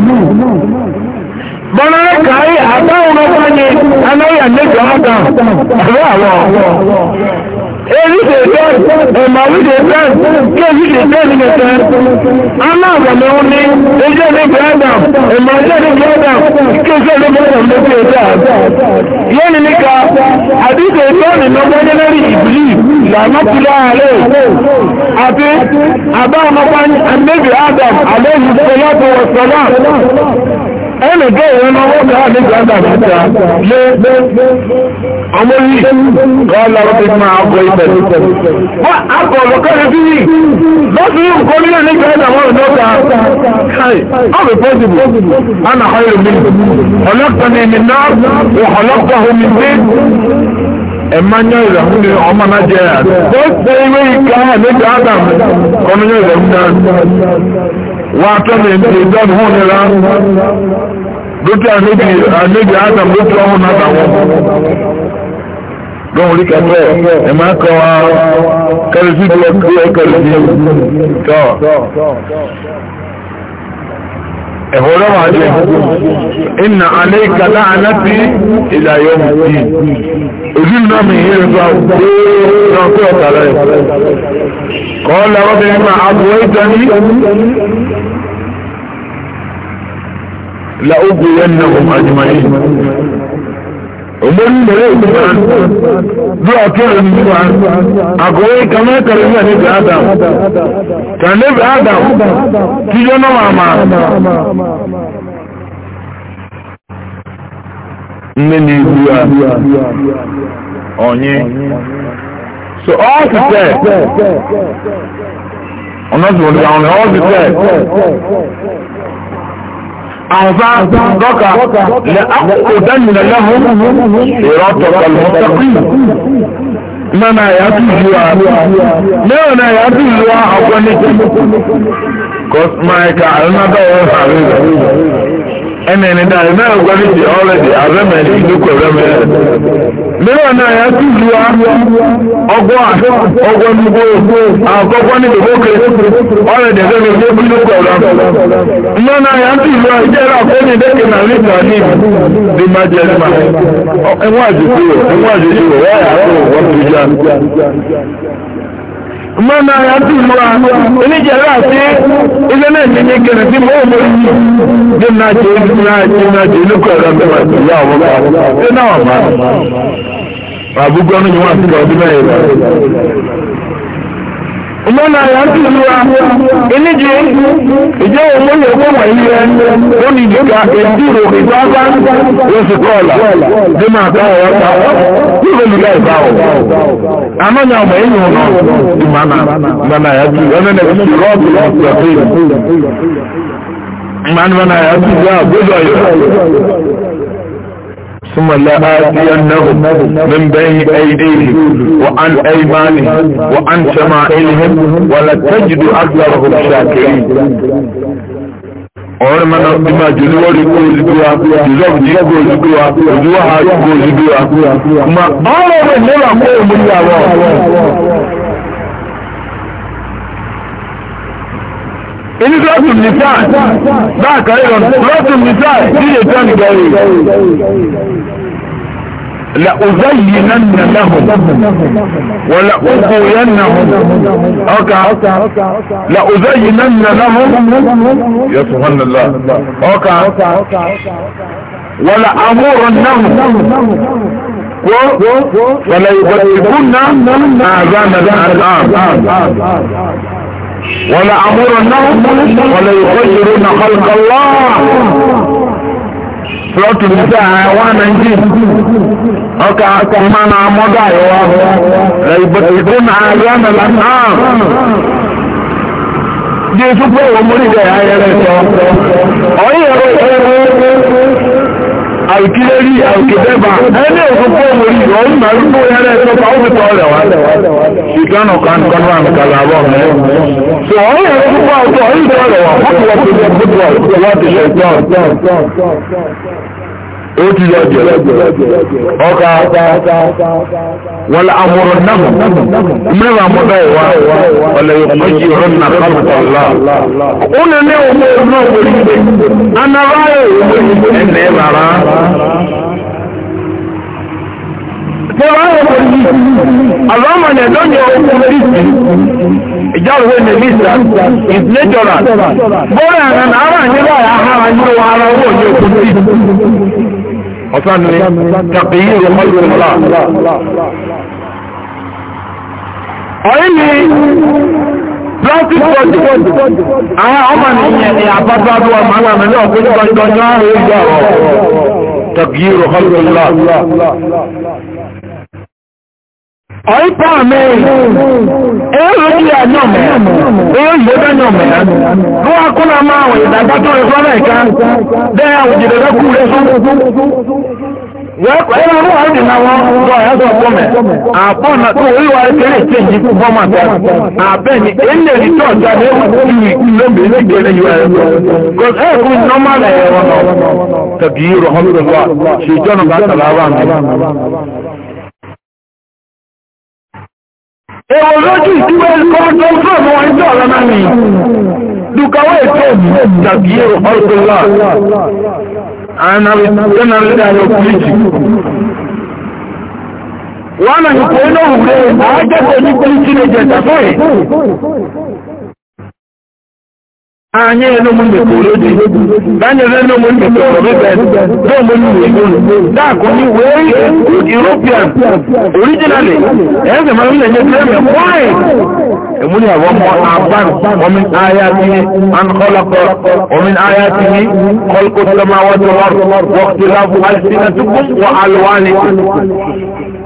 Speaker 1: bọ́nà kàáyé àtàwọn ọmọ wáyé anáyà lẹ́jọ́ ọ̀gá àwọn àwọn èyí ṣe fẹ́ ẹ̀mọ̀ wí ṣe fẹ́ kí èyí ṣe fẹ́ ní kẹta aláàbọ̀mí ń ní ẹjọ́ ní gbẹ́dà ẹ̀mọ̀ ẹjọ́ ní gbẹ́dà kí ẹjọ́ ní gbẹ́dà ló fi ẹ̀dá yóò ní níka àdíṣe fẹ́ nínú gbẹ́dẹ́lẹ́rì ìbílí lànà kúlẹ̀ ààrẹ àti àbá ọmọkùnrin àmẹ́bí adam àlẹ́ ìṣẹ́lẹ́ ẹnì tó ìwọ́n náà wọ́n náà ní gbàgbà mẹ́ta lé ọmọ yìí kọ́ lọ́rọ́ tó máa ọkọ̀ ibẹ̀ wọ́n akọ̀ lọ́kọ́rẹ́ bí yìí lọ́sí yìí nǹkan nílẹ̀ ní gbàgbà mọ́rin lọ́ta káì ọ̀bẹ̀ pọ́sibù ana ọ̀yọ̀ mi ọlọ́kùnrin mi náà wọ̀ ọlọ́kùnrin mi dé ẹ̀mányá ìràhún ni ọmọ náà jẹ́ àdó. bó ṣe ìwé ìka ẹ̀ lójú adam kọ́nú yóò rẹ̀ ń dáná. واتمن بيدان هون لا دوتي انبي انبي ادم دوتي هون هذا lóhun rí kẹfẹ́ ẹ máa kọ wa kẹrìsì bí ẹ kẹrìsì tọ́ ẹ̀họ́rọ́ wà jẹ́ iná aléìkà láàánáti ìlàyọ̀ mùsùlùmí ojú náà mi yẹ́ rẹ̀ náà pé ọ̀tà rẹ̀ kọ́ lọ́wọ́ bí nípa àbúrò ìtọ́ni la yẹn náà ọmọ àjùmọ̀ yìí omori mere okpukpe dị ọtụ onyinye agụwa ịka mekara ihe nebe adam ka nebe adam tije n'ụwa ma
Speaker 2: nne na-egbu ya
Speaker 1: onye so ọ site
Speaker 2: ọ nọzụrụ ya ọ
Speaker 1: أعظم ركع لأقعدن لهم صراطك المستقيم ما ما يأتي جواه ما ما يأتي جواه أقوى Because my car, another one have it. And then it is now oh, going to be already a remedy, look a remedy. Mẹ́rin náà yà tún ju ọgbọ́n ọgbọ́n nígbó àkọ́kọ́ ní ìgbòkè ọ̀rẹ́dẹ̀ lẹ́nu ní ebí lókè Mẹ́rin ìdẹ́kẹ̀ náà ní má jẹ́ àjèjì rẹ̀ àjèjì rẹ̀ wọ́n wọ́n já. mọ́nà ya ti mọ́ a oníjẹ̀rẹ́ àti ilé náà ní ní kẹrẹ tí mọ́ òmò yìí dé náà jẹ́ náà jẹ́ náà jẹ́ inú kọ̀ ẹ̀rọ mẹ́wàá ti yá ọmọ bá dé náà wà má àbúgbọ́n ní wọn àti ọdún mẹ́rin ìmọ̀nà àyà ń tìlú wa iníjì ìjẹ́ òun lè kó wà ilé wọn ni ìjọba ìdúró ìgbàgbà lóṣù kọ́ọ̀là bí máa bá ọ̀rọ̀ ta bí wọ́n lùlá ìbá ọ̀. ọmọ ẹ̀yìn ọ̀nà ìmọ̀nà àyà ثم لآتينهم من بين أيديهم وعن أيمانهم وعن شمائلهم ولتجد أكثرهم شاكرين ọ̀rẹ́ mẹ́ta ti máa jù níwọ́rí kó ìdúwà ìjọba ní kó ìdúwà ìdúwà àti kó ìdúwà. ọ̀rọ̀ rẹ̀ mọ́ra kó òmìnira wọ̀. inú sọ́ọ̀tù nìsáà báàkà ìrọ̀nù sọ́ọ̀tù nìsáà sílẹ̀ tán gẹ̀rì لأزينن لهم ولأقوينهم أوكا لأزينن لهم يا سبحان الله أوكا
Speaker 2: ولأمرنهم
Speaker 1: وليبتكن آذان الأنعام ولا أمرنهم ولا يغيرون خلق الله Lọ́tù ní sí àwọn ẹwà Nàìjí. Ọkà ọmọ náà mọ́dọ̀ àyọ̀wá. Ìbò náà yọ̀ ọ́nà lánàá. Bí pé òun mórí ìdẹ̀ ayẹyẹ rẹ̀ sọ. Ọ̀yẹ́ rẹ̀ ṣe é àìkílérí àìkìdẹ́bà ẹni òkúkú ọmọ ìlú ọdún mẹ́rin fún ẹrẹ́ ìtọ́pá ó fi tọ́ọ̀lẹ̀ wá ìtọ́nà kan kan wà ní kàlàbọ̀ mẹ́rin so ọ̀rọ̀ ẹ̀rọ púpọ̀ ọ̀tọ̀ ọ̀rọ̀ ìtọ́ọ̀lẹ̀ wà fọ́tùwọ́pù ó ti yọ jẹ ọkà wọlé amúrò nàmù mìíràn àmúdá ìwà ọlẹ ìpọjì ọrùn nà kálùkọlá ó lè ní ọmọ ọdún náà wọlé ìgbé anáráyè ìwé ẹnẹ rárá. Allahumma ne don't you open this Ìjáwò wo ni Lisa is natural. Bọ́lá ẹ̀rọ náà ara ní bá ya ha ní wa ara owó ní okun sí. Ọ̀sán ni tàbíyí rẹ̀ mọ́lù mọ́lá. Ọ̀yí ni plastic bottle. Àwọn ọmọ nìyẹn ni àbábá ọ̀ípa mẹ́rin ẹ̀rọ̀dí àjọ́mẹ̀ ẹ̀rọ̀dí àjọ́mẹ̀ bó wá kó náà máa wọ̀n ìdàgbà tó rẹ̀ fọ́nà ẹ̀ká bẹ́ẹ̀ àwòjìdẹ̀ lọ́kù rẹ̀ fún ẹ̀rọ̀dí àjọ́mẹ̀ wọn lọ ẹ̀ẹ́sọ̀ fọ́mẹ̀ àpọ̀ náà tó oríwà ẹ̀kẹ́rẹ̀ ìtẹ́jì fún fọ́mà tẹ́ àbẹ́ni ẹ̀lẹ̀ ìtọ́ ọ̀tọ́ ní ẹ̀kùn lóbi lẹ́gbẹ̀ẹ́ Èwò lójú ìdíwé kọ́ńtọ́ fún àwọn ẹgbẹ́ ọ̀rọ̀ náà ni. Dùkàwé ètò tàbí ọ̀rọ̀lá. Ànàbì tẹ́nà lẹ́dà lọ pílìtì.
Speaker 2: Wọ́n náà yìí pé náà wùlé àájẹ́kọ̀ọ́ ní pílìtì lè jẹ̀
Speaker 1: anyị ẹlòmúnìkòrò dì daniel ẹlòmúnìkòrò bíbẹ̀ lọ́múnìkòrò dáàkù ní wéé european originally ẹ̀ẹ́sẹ̀ máa ń lè yẹ tẹ́lẹ̀ wáyé emúlì àwọn ọmọ àbán omi ayá ti ní ankọlọpọ omi ayá ti ní kọlùkọtìlọmọ àwọn tó wọ́n wọ́n ti lábú àti sinatúkú wọ alùwánì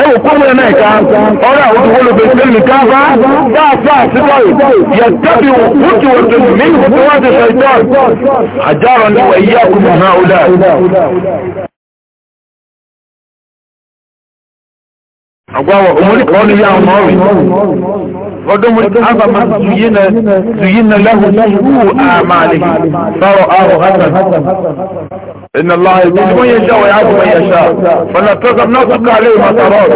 Speaker 2: ẹwọ kọmọ náà ẹka ọrọ àwọn olùgbé sílẹ nìkan bá dáadáa síbọ yẹtẹbi wọtí wọtí ní ìwọtí wọn ti sọ náà ó dà. kan
Speaker 1: ya ọmọ rí ọdún mo ti ábà máa tuyina lẹ́hùn lẹ́hùn àrùn hasan إن الله يذل من يشاء ويعز من يشاء فلا تغضب نفسك عليه ما تراد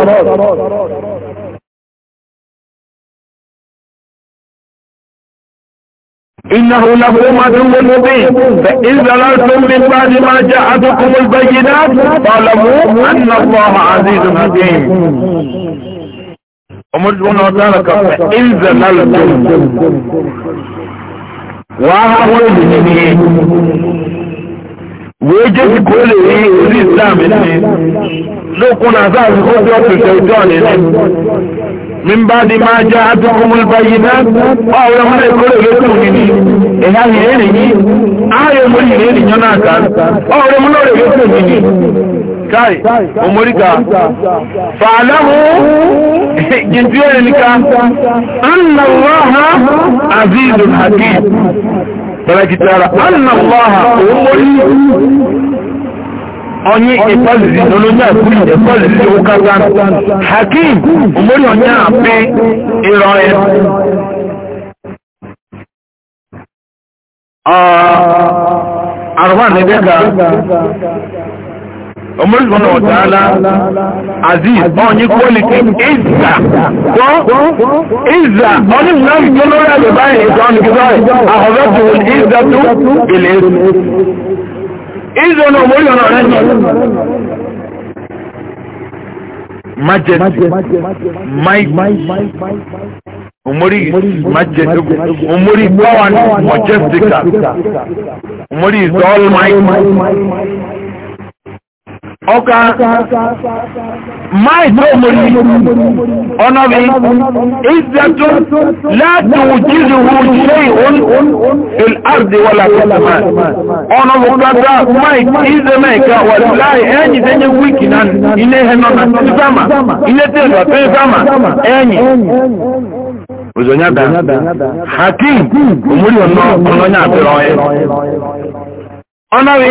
Speaker 1: إنه له مدن مبين فإن ظللتم من بعد ما جاءتكم البينات فاعلموا أن الله عزيز حكيم أمر سبحانه وتعالى فإن ظللتم وهو المبين
Speaker 2: wee jesi ka o lere ihe ozi islam nne n'okwu na azụ azụ ọtụtụ john nne
Speaker 1: min ba di ma ja ọ wee na ekoro elotu nini ịha ihe enyi ahịa omori ihe na aka ọ mụ na ọrịa elotu kai omori ka anna azizun tọ́lájítara annallaha omori onye ìpọ́lìsì lónìí àkúrì ìpọ́lìsì òkàtà hakim omori onye àpẹ ìrọ̀ ẹ̀ àrùwà ọmọlùsọ̀nà ọ̀tàálá aziz ọ̀nyí kwọ́lìtì ìzà tó ìzà ọdún tó lórí àgbẹ̀bá ìsọ̀nìkìsọ̀rì àhọ̀bẹ̀tù ìzà tó ilẹ̀ ìzà ọ̀nà ọmọlùsọ̀nà rẹ̀ majesty might umuri majesty umuri power majestical umuri is all might ọka máa ìtọ́ omori ọ̀nà mi ìzẹ́tú láti wùjírí wùjírí ìhún ìlàrdì wọ́la kẹsàmà ọ̀nà bukata máa ìzẹ́mẹ́ ìka wà láì ẹ̀yìn tẹ́yẹ wíkì náà ilé ẹ̀nà tí sáma ilé tẹ́lọ tí sáma ẹ̀yìn òzònyádà hakim omori ọ̀nà ọ̀nà ọ̀nà àbẹ̀rọ̀ ẹ̀ ọ̀nà mi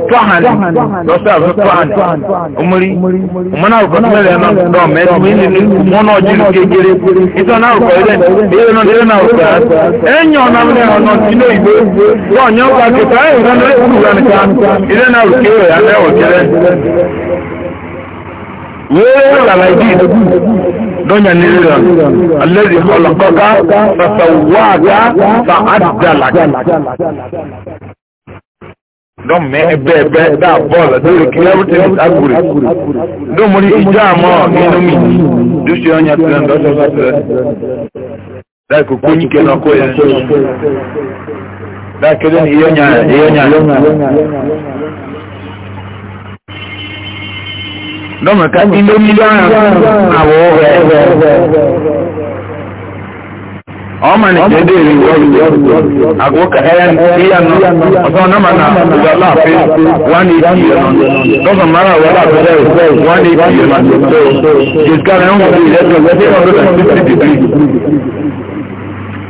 Speaker 2: tọ́hàn lọ́sẹ̀ àti tọ́hàn ọmọrí ọmọnà àrùkọ sílẹ̀ náà lọ mẹ́tù nínú
Speaker 1: wọn náà jìnnà gẹ́gẹ́rẹ́ ìtọ́nà àrùkọ ilẹ̀ èyí náà ilẹ̀ náà rùkọ ẹ̀yàn náà ní ọ̀nà sínú ìgbé wọ́n yàn wá kẹta ẹ̀yìn náà kúrú ránìkà ilẹ̀ náà rùkọ ẹ̀yà lẹ́wọ̀ kẹrẹ.
Speaker 2: wọ́n rà láì dì dọ́nyà ní rírà alẹ́rì ọlọ́kọ́ká fàfàwọ́ àgá fà á dàlàkà
Speaker 1: don me ebe ebe da bọọlụ dịrị kilomita agwụrị don mụrụ ije ama n'elu mmiri dusi onye tụrụ ndị ọsọ ọsọ tụrụ dịka okwu onye ike n'ọkụ ya dịka kedu ihe onye ihe onye don maka ndị mmiri ahụ awụ ọhụrụ ọmọ ni kéde rí àgbókà ẹyàn ìyànà ọ̀sán náà máa na ìjọ láàfin wọ́n ní ìkì ìyànà lọ́sàn mara wọ́n láàfẹ́ wọ́n ní ìkì ìyànà ìsìkára ẹ̀wọ̀n ní ìrẹ́jọ wẹ́tí ọdún tàbí fifty degree.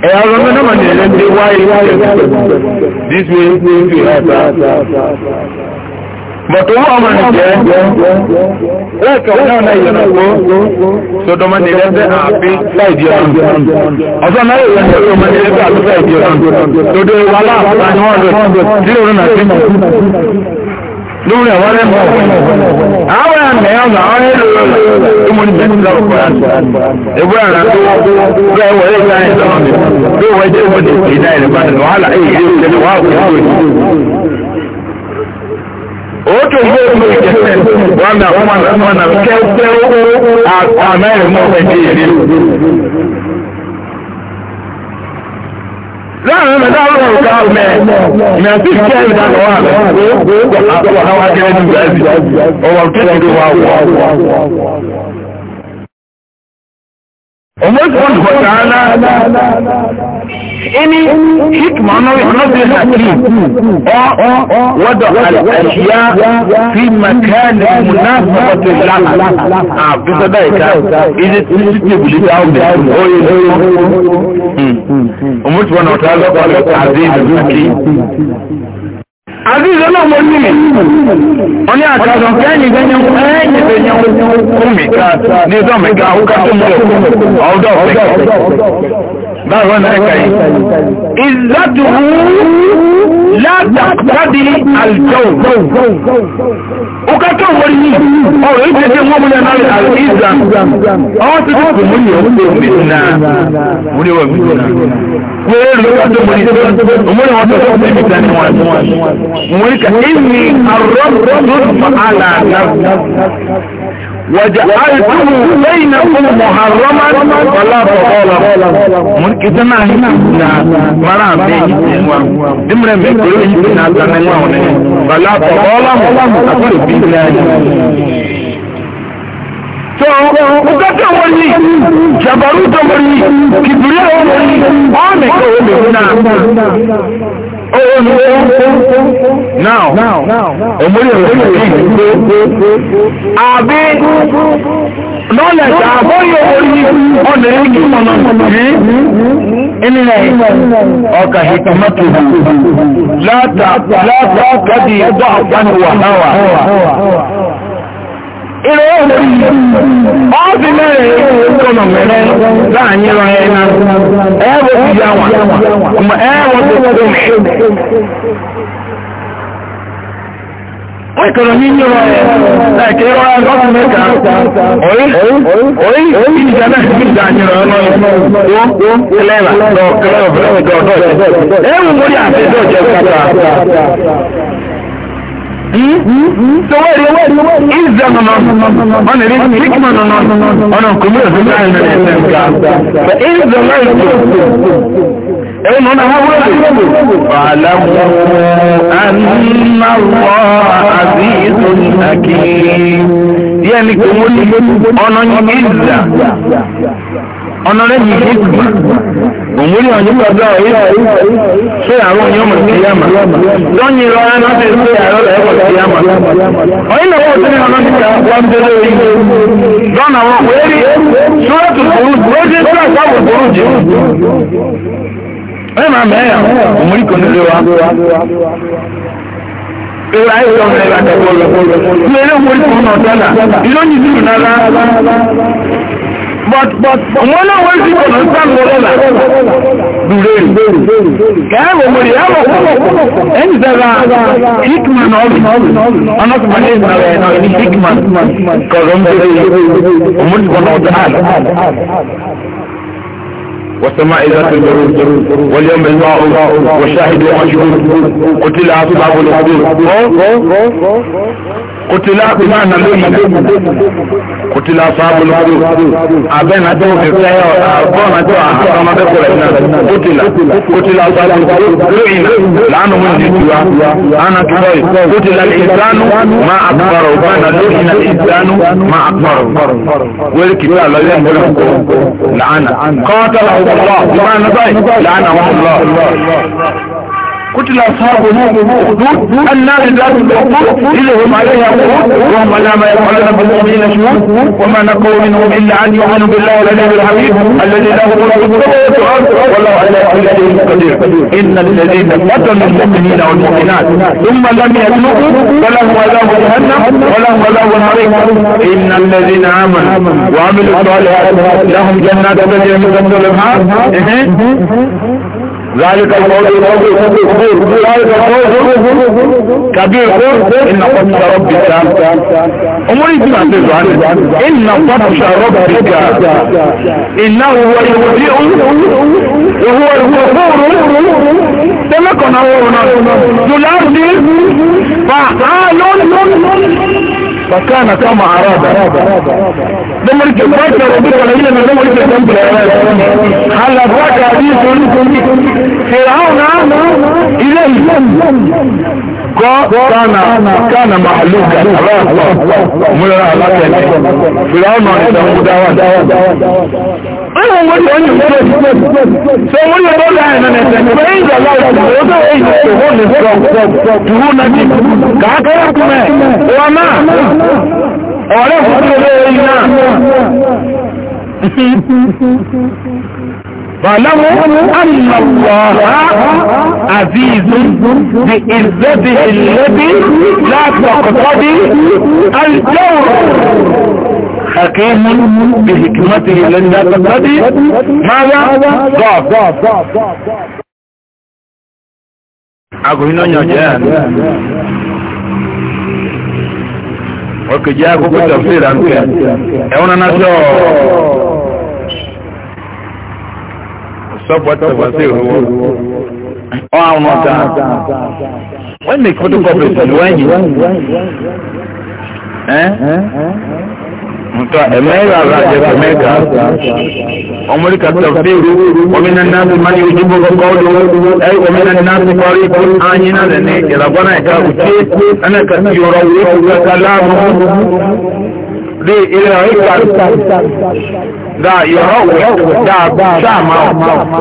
Speaker 2: ẹ̀yà ọ̀rọ̀ náà máa ní ìrẹ́jọ wáyé this way this way
Speaker 1: bọ̀tọ̀ wọ́n ọmọ rẹ̀ jẹ́ lẹ́ẹ̀kẹ́ wọn náà yẹ lọ kó sọdọ̀mọdé lẹ́sẹ̀ àbí láìdí ọ̀run ọ̀sán náà yẹ lọ sọdọ̀mọdé lẹ́sẹ̀ àbí láìdí ọ̀run tòdó ewu aláàbá ni wọ́n rẹ̀ tí òun náà sí
Speaker 2: lórí àwọn ẹ̀rẹ́ mọ̀ àwọn àmì ọ̀nà àwọn ẹ̀rọ
Speaker 1: tó mọ̀ níbẹ̀ nílá ọ̀pọ̀ ẹ̀bú àrà tó bẹ́ ẹ̀wọ̀ ẹ̀ sáyẹ̀ lọ́wọ́ mi tó wọ́n jẹ́ ìwọ́de ìdá ìrẹ̀bá wàhálà èyí ìdí òṣèlú wà á
Speaker 2: otu ogbe ogbe ìjẹsẹ̀ wọ́nà wọ́nà kẹ́kẹ́ àmẹ́rin mọ́ ẹ̀dí ìrí. láàrin mẹ́ta ló ń ká mẹ́ mẹ́tí kẹ́ ìdáná wà lọ́wọ́ àtọwọ́ àwọn akẹ́rẹ́ ní brazil ọwọ́ kẹ́kẹ́ ló wà wọ́.
Speaker 1: ọmọ ìfọ̀n any hikmah no is not this hakim or wada al-ashiya fi makan munasabati laha ah bisa da ita is it suitable to out there oh yeah umut wa na ta'ala qala aziz hakim aziz ọlọ́run mo ní wọn ní àtàlọ kẹ́yìn gbẹ́yìn ẹ̀yìn gbẹ́yìn kúmìkà ní ọdọ́ mẹ́ka ó ká tó mọ́ ọdọ́ mẹ́ka báwo náà kàyí ìzàtùwú látàkùtàdì àlùjọ́wò ó kàtọ́ wọ́n ní ọ̀rọ̀ ìgbẹ́ tí wọ́n múlẹ̀ náà àrùn islam ọwọ́ ti tó kù múlẹ̀ òkúté òmìnira múlẹ̀ wọ̀ òmìnira wọ́n èrò lọ́kàtọ́ múlẹ̀ òmìnira wọn tó tó kù níbi tani wọn múlẹ̀ kà ìmì àrọ́ وجعلته بينكم محرما فلا تظالموا من كتنا هنا مرا بيني دمر من كل شيء نازلنا هنا فلا تظالموا أقول بالله So, ọgọ́ta wọn ni, ṣàbàrú tó wọn ni, kìbìrì àwọn wọn ni, ọ́nà ìkọ̀wé mi náà now omori omori yìí gbé àbí lọ́lẹ̀ta àbóyè orí ọ̀nà èkì mọ̀nà sí ilẹ̀ ọkà ìtàmọ́tò látàkàdì ìgbà àpánìwà náwà ìrẹ̀ yóò lórí ọ́ọ̀fì mẹ́rẹ̀ ìkọ̀nà mẹ́rẹ̀ láàyè lọ ẹ̀nà ẹ̀wọ̀ ti yá wà ọmọ ẹ̀wọ̀ ti kú mi. Ìkọ̀nà ní yíyọ ẹ̀ láìké ọ̀rọ̀ ọ̀sùn mẹ́ta orí orí ìjà náà ti gbìjà àyẹ̀rọ̀ ọ̀nà ìwọ̀n kílẹ̀rà lọ sowari izan nọ ọna eri hikma nọ ọna nkume ọdụdụ anyị nọ n'efe nke fa izan nọ ito ewu nọ na ha wọle falamu anna ọ̀nàrẹ́ yìí ní ìgbà òmúrí ọ̀yìn ọjọ́ ìrọ̀ ṣé àwọn èèyàn mọ̀ sí yàmà lọ́yìn lọ rẹ̀ láti ṣe àárọ̀ rẹ̀ mọ̀ sí yàmà ọ̀yìn náà wọ́n tẹ́lẹ̀ ọ̀nà níta wọ́n dé lórí lọ́nà wọn pé rí ṣúrọ́tù burú lójú sílẹ̀ sábò burú jù ẹ máa mẹ́yà òmúrí kò nílé wa
Speaker 2: ìwà ìwà ọ̀rẹ́ ìbàdàn bọ́ọ̀lù ìlú eléwòlù kan náà tọ́lá ìlú
Speaker 1: but but wọn náà wọ́n sí pẹ̀lú sáàmùlọ́lá dùrẹ́ kẹ́ẹ̀rọ mọ̀rí ẹ̀rọ ẹni sẹ́ra hickman ọ̀rùn ọ̀nàkùnmọ̀lé ìmọ̀rẹ̀ náà ní hickman kọ̀rọ̀ ń bẹ̀rẹ̀ ọmọdébọ̀nà ọ̀dọ̀ àlọ́ والسماء ذات البروج واليوم المعروف والشاهد ومشهود قتل أصحاب الخدود kòtìlá ìmáàna lóyìn kòtìlá sábúlù abẹ́nà tó fẹ́ ọ̀nà tó àtọ́nàdẹ́kọ̀ rẹ̀ náà kòtìlá kòtìlá sábúlù lóyìn lánàá wọn ní tiwa ana tiwa yìí kòtìlá ìsánú ma àkùbárọ̀ ọ̀bánà lóyìn ìsánú ma àkùbárọ̀ wẹ́rẹ́ kìlá lọ́yẹ̀ mọ́lẹ̀ kọ́ lánàá kọ́ńtà làwọn ọ̀bọ̀ lánàá báyìí lánàá wọn lọ. قتل أصحاب نوم النار ذات الوقود إذا هم عليها قرود وهم على ما يفعلون بالمؤمنين شهود وما نقوا منهم إلا أن يؤمنوا بالله العلي الحميد الذي له ملك السماوات والأرض والله على كل شيء قدير إن الذين قتلوا المؤمنين والمؤمنات ثم لم يتوبوا فلهم عذاب جهنم ولهم عذاب حريق إن الذين آمنوا وعملوا الصالحات لهم جنات تجري من تحتها الأنهار إيه؟ ذلك القول ذلك القول كبير إن قبش ربك أمري بما تزعل إن قبش ربك إنه هو يبدئ وهو الغفور تمكن هو هنا ثلاثي فعال فكان كما أراد لما ملك البشر وبيت قليلا من ده ملك الذنب هل أدراك حديث فرعون إليه kana kana mahaluka rafa mura alaka ne firawuna ne dan gudawa ana mo ni onye mo so mo ni do la na ne se pe in the life o do e ni to hold it from to who na ti ka ka ku me o na ore ku do le ina فاعلموا أن الله عزيز بإذته الذي لا تقتضي الجور حكيم بحكمته الذي لا تقتضي ماذا؟ ضعف أقول هنا نجان وكجاكو كتفسير أنك أولا نشوف sọ́pọ̀tọ̀pọ̀ sí ìrọwọ́ wọn àwọn ọ̀tá wọ́n ní photocopy pẹ̀lú ẹ̀yìn nta ẹ̀mẹ́rẹ́ ara ẹ̀fẹ̀ mẹ́ta ọmọdéka tẹ̀fẹ́rù ọmọdé náà ti máa ní ojú bọ́ kọ́kọ́ ọdún ẹ̀ ọmọdé náà ti parí kó ányí náà lẹ́ni ìlàgbọ́n náà ẹ̀ka òtí ẹ̀ka tí yọrọ wúlò kọ́kọ́ láàmú de ìran ìgbà da ìrọ̀wẹ̀ da sáàmà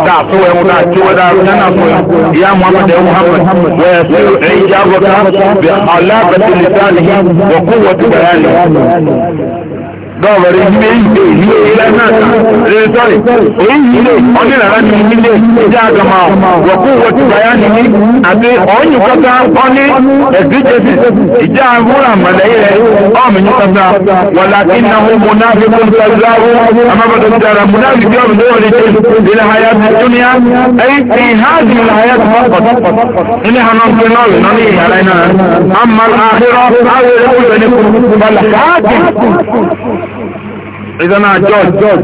Speaker 1: da àtúwẹ̀ ẹ̀wọ̀n da àtúwẹ̀ da nánà fún ìyá muhammed ẹ̀wọ̀n muhammed wẹ̀ sẹ́rù ẹ̀yìn jágọ́ta bẹ̀ alábẹ̀tẹ̀lẹ̀ sáàlì wọ̀kúwọ̀ tó bẹ̀rẹ̀ dọ́ọ̀bọ̀rẹ̀ ilé ilé ilé ilé náà lè sọ́rì èyí ilé ọ̀nìyàrá ni ilé ìjà àgàmà wọ̀kú wọ̀tí bàyá ni ní àti ọ̀yìn kọ́ta ọ̀ní ẹ̀díjẹ́sì ìjà àmúra mọ̀lẹ́yẹ ọ̀mìnì kọ́ta wọ̀lákì náà mo náà fi kún sọ́gbáwó amábọ̀dọ̀ dára mo náà fi bí ọ̀mìnì wọ̀lé jẹ́ ilé hayá ti dúnìá ẹ̀yí ti háàdì ilé hayá ti pọ̀pọ̀t ilé hànà ń pè náà rè náà ní ìyàrá iná àmàlà àhírọ́ àwẹ̀ ẹ̀kú ìdáná george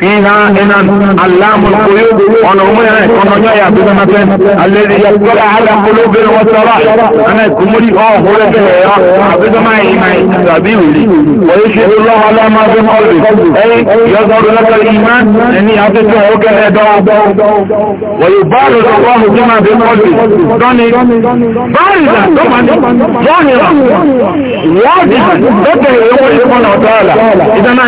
Speaker 1: fi ha iná aláàmù kòyó ọ̀nà òmìnira ọ̀nà ọ̀nyọ́ yà bí sọ́nà fẹ́ alẹ́rì yà kọ́lá alákòló bẹ̀rẹ̀ wọ́n sọ́rọ̀ ẹ̀nà ìkùmúrí ọ̀hún rẹ̀ bẹ̀rẹ̀ yọ àbísọ́mà ìmà ìtàbí òrì wọ́n ṣe lọ́wọ́ aláàmà fún ọ̀rì ẹ̀yìn yọ́sọ̀rọ̀ lọ́kọ̀lì ìmá ẹni àfẹ́fẹ́ ọ̀gẹ́rẹ́ dọ́wọ́ wọ́n yóò bá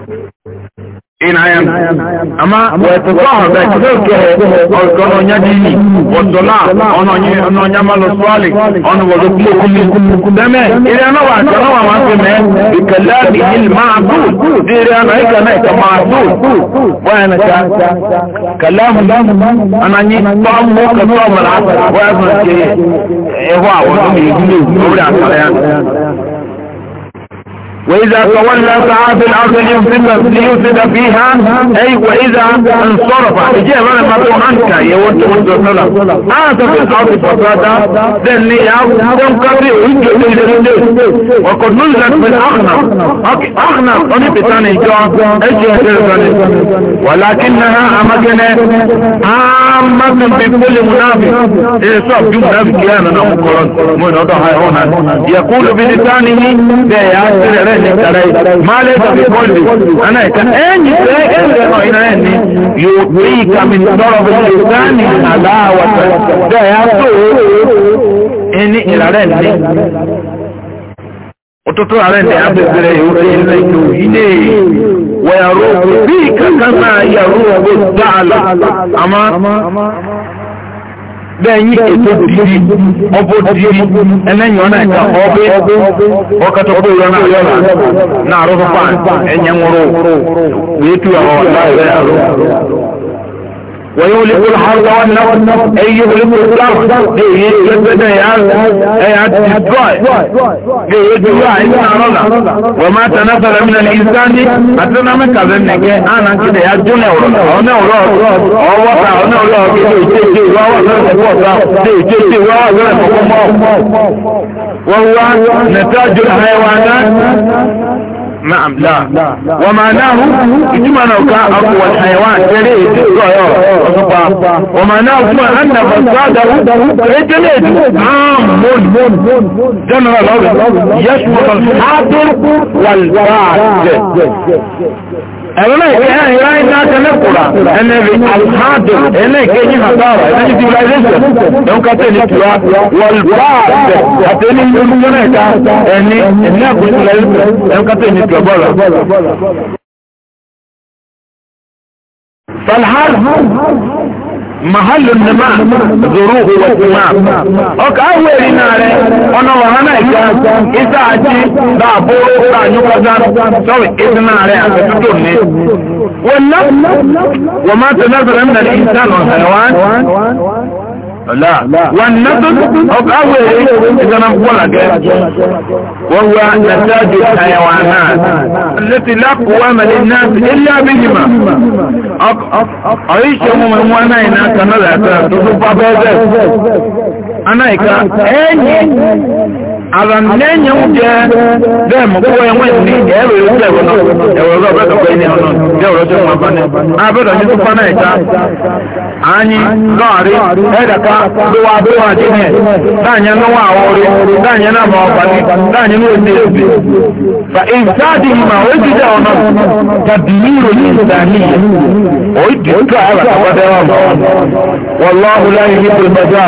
Speaker 1: inayam ama wẹtukọọ bẹtukẹ ọdọnọ nyadini wọdọla ọnọnyi ọnọnyamalo suwali ọnọwọdọ kumokumu dẹmẹ ìrìn àná wà àti ọ̀nà wà máa fi mẹ ìkẹlẹ àbíyí máa dù di ìrìn àná ìkẹ náà ìkẹ máa dù wọ́n ẹ̀nà ká kẹlẹ́ àmúlẹ́mú ananyi tọ́mú kẹtọ́ ọmọlá wọ́n ẹ̀fọn ṣe ẹ̀họ́ O ọmọ ìgbìmọ̀ ìgbìmọ̀ orí àtàlẹ́yà وإذا تولى سعى في الأرض ليفسد فيها أي وإذا انصرف إجابة لما عنك يا ولد والسلام آت في الأرض فسادا ذني يوم كثير ويجي في وقد نزلت من أغنى أغنى أني بتاني جوا أجي هتلزني ولكنها أمكنة عامة بكل منافق إيه صاب جمع نافق يانا نقول نعم، من هذا هاي هنا يقول بلسانه لا يأثر ẹ̀rẹ́ ní kàrẹ́ máàlẹ́ tàbí bọ́ọ̀lù àná ẹ̀ka ẹ̀yìn tẹ́ ẹ̀rẹ́ náà iná ẹ̀ ní yóò gbé ìkàmì lọ́rọ̀ fún mi sáàni aláwàtà dẹ́yà tó ẹni ìlàrẹ́ ìwúrẹ́ ilé ìlú ilé wẹ̀rọ bí kankan náà yàrá ògbó dáàlà bẹ́ẹ̀yìn ètò dìrí ọbọ̀ dìrí ẹlẹ́yìn ọ̀nà ẹ̀ka ọbẹ̀ ọkàtọ̀kọ̀ yọ̀nà yọ̀nà náà rọ́pàá ẹ̀yẹ̀ ń rọ̀ àwọn ọ̀nà ẹ̀rọ ويهلك الحرب والنفط اي يهلك الارض اي يجلد اي الدواء اي الدواء رضا وما تنفر من الانسان حتى نمك ذنك انا كده يا جنة ورضا انا ورضا او وطا انا ورضا كده يجلد ووطا وهو نتاج الحيوانات نعم لا, وما نعم، لا كما نوكا أقوى الحيوان جريد ومعناه كما أن فساده جريد عام جنرال يشمل الحاضر والبعد ẹ̀rọ̀lá ìpẹ́ ẹ̀rìn láì dáta lẹ́kùnrà ẹnẹ́rì alhadu ẹlẹ́kẹ́yìn hasara ẹ̀rìn civilization ẹ̀kọ́tẹ̀ ní tura wọlbáàbẹ̀ àti ẹni múlùmọ́nẹ̀ká ẹni ẹ̀nẹ́kùn civilization ẹ̀kọ́tẹ̀ ní tura bọ́ọ̀lá falhadu mahallu nama zuruhu wa tima ọka awo eri naare ọna wa hana ika isa aji da aboro ka anyukwasa sọrọ isi naare atututu ne wannan wa ma tanazara min al-insan wa hayawan لا والنطق أو أولي إذا نقولك وهو نتاج الحيوانات التي لا قوام للناس إلا بهما أعيشهم من وانا هناك نلعب تصبح بهذا anaika enyi aranenye wuge dem gbogbo enwe ni ẹrọ ojú ẹrọ náà ẹrọ ọrọ ọbẹ dọgbẹ ní ọnà ní ọrọ ọjọ wọn bani abẹdọ ní tupu anaika anyi lọọri ẹdaka lọwọ abẹwò adínẹ dáànyẹ náwó àwọrí dáànyẹ náà mọ ọgbàdì dáànyẹ náà ní èbè fa ìsáàdì ìmọ̀ àwọn èjìdá ọ̀nà tàbí ní ìròyìn ìdáni òyìnbó àbàkàbàdẹ́wà mọ́ wọ́n lọ́hùn láyé ní pèlú mẹ́jọ́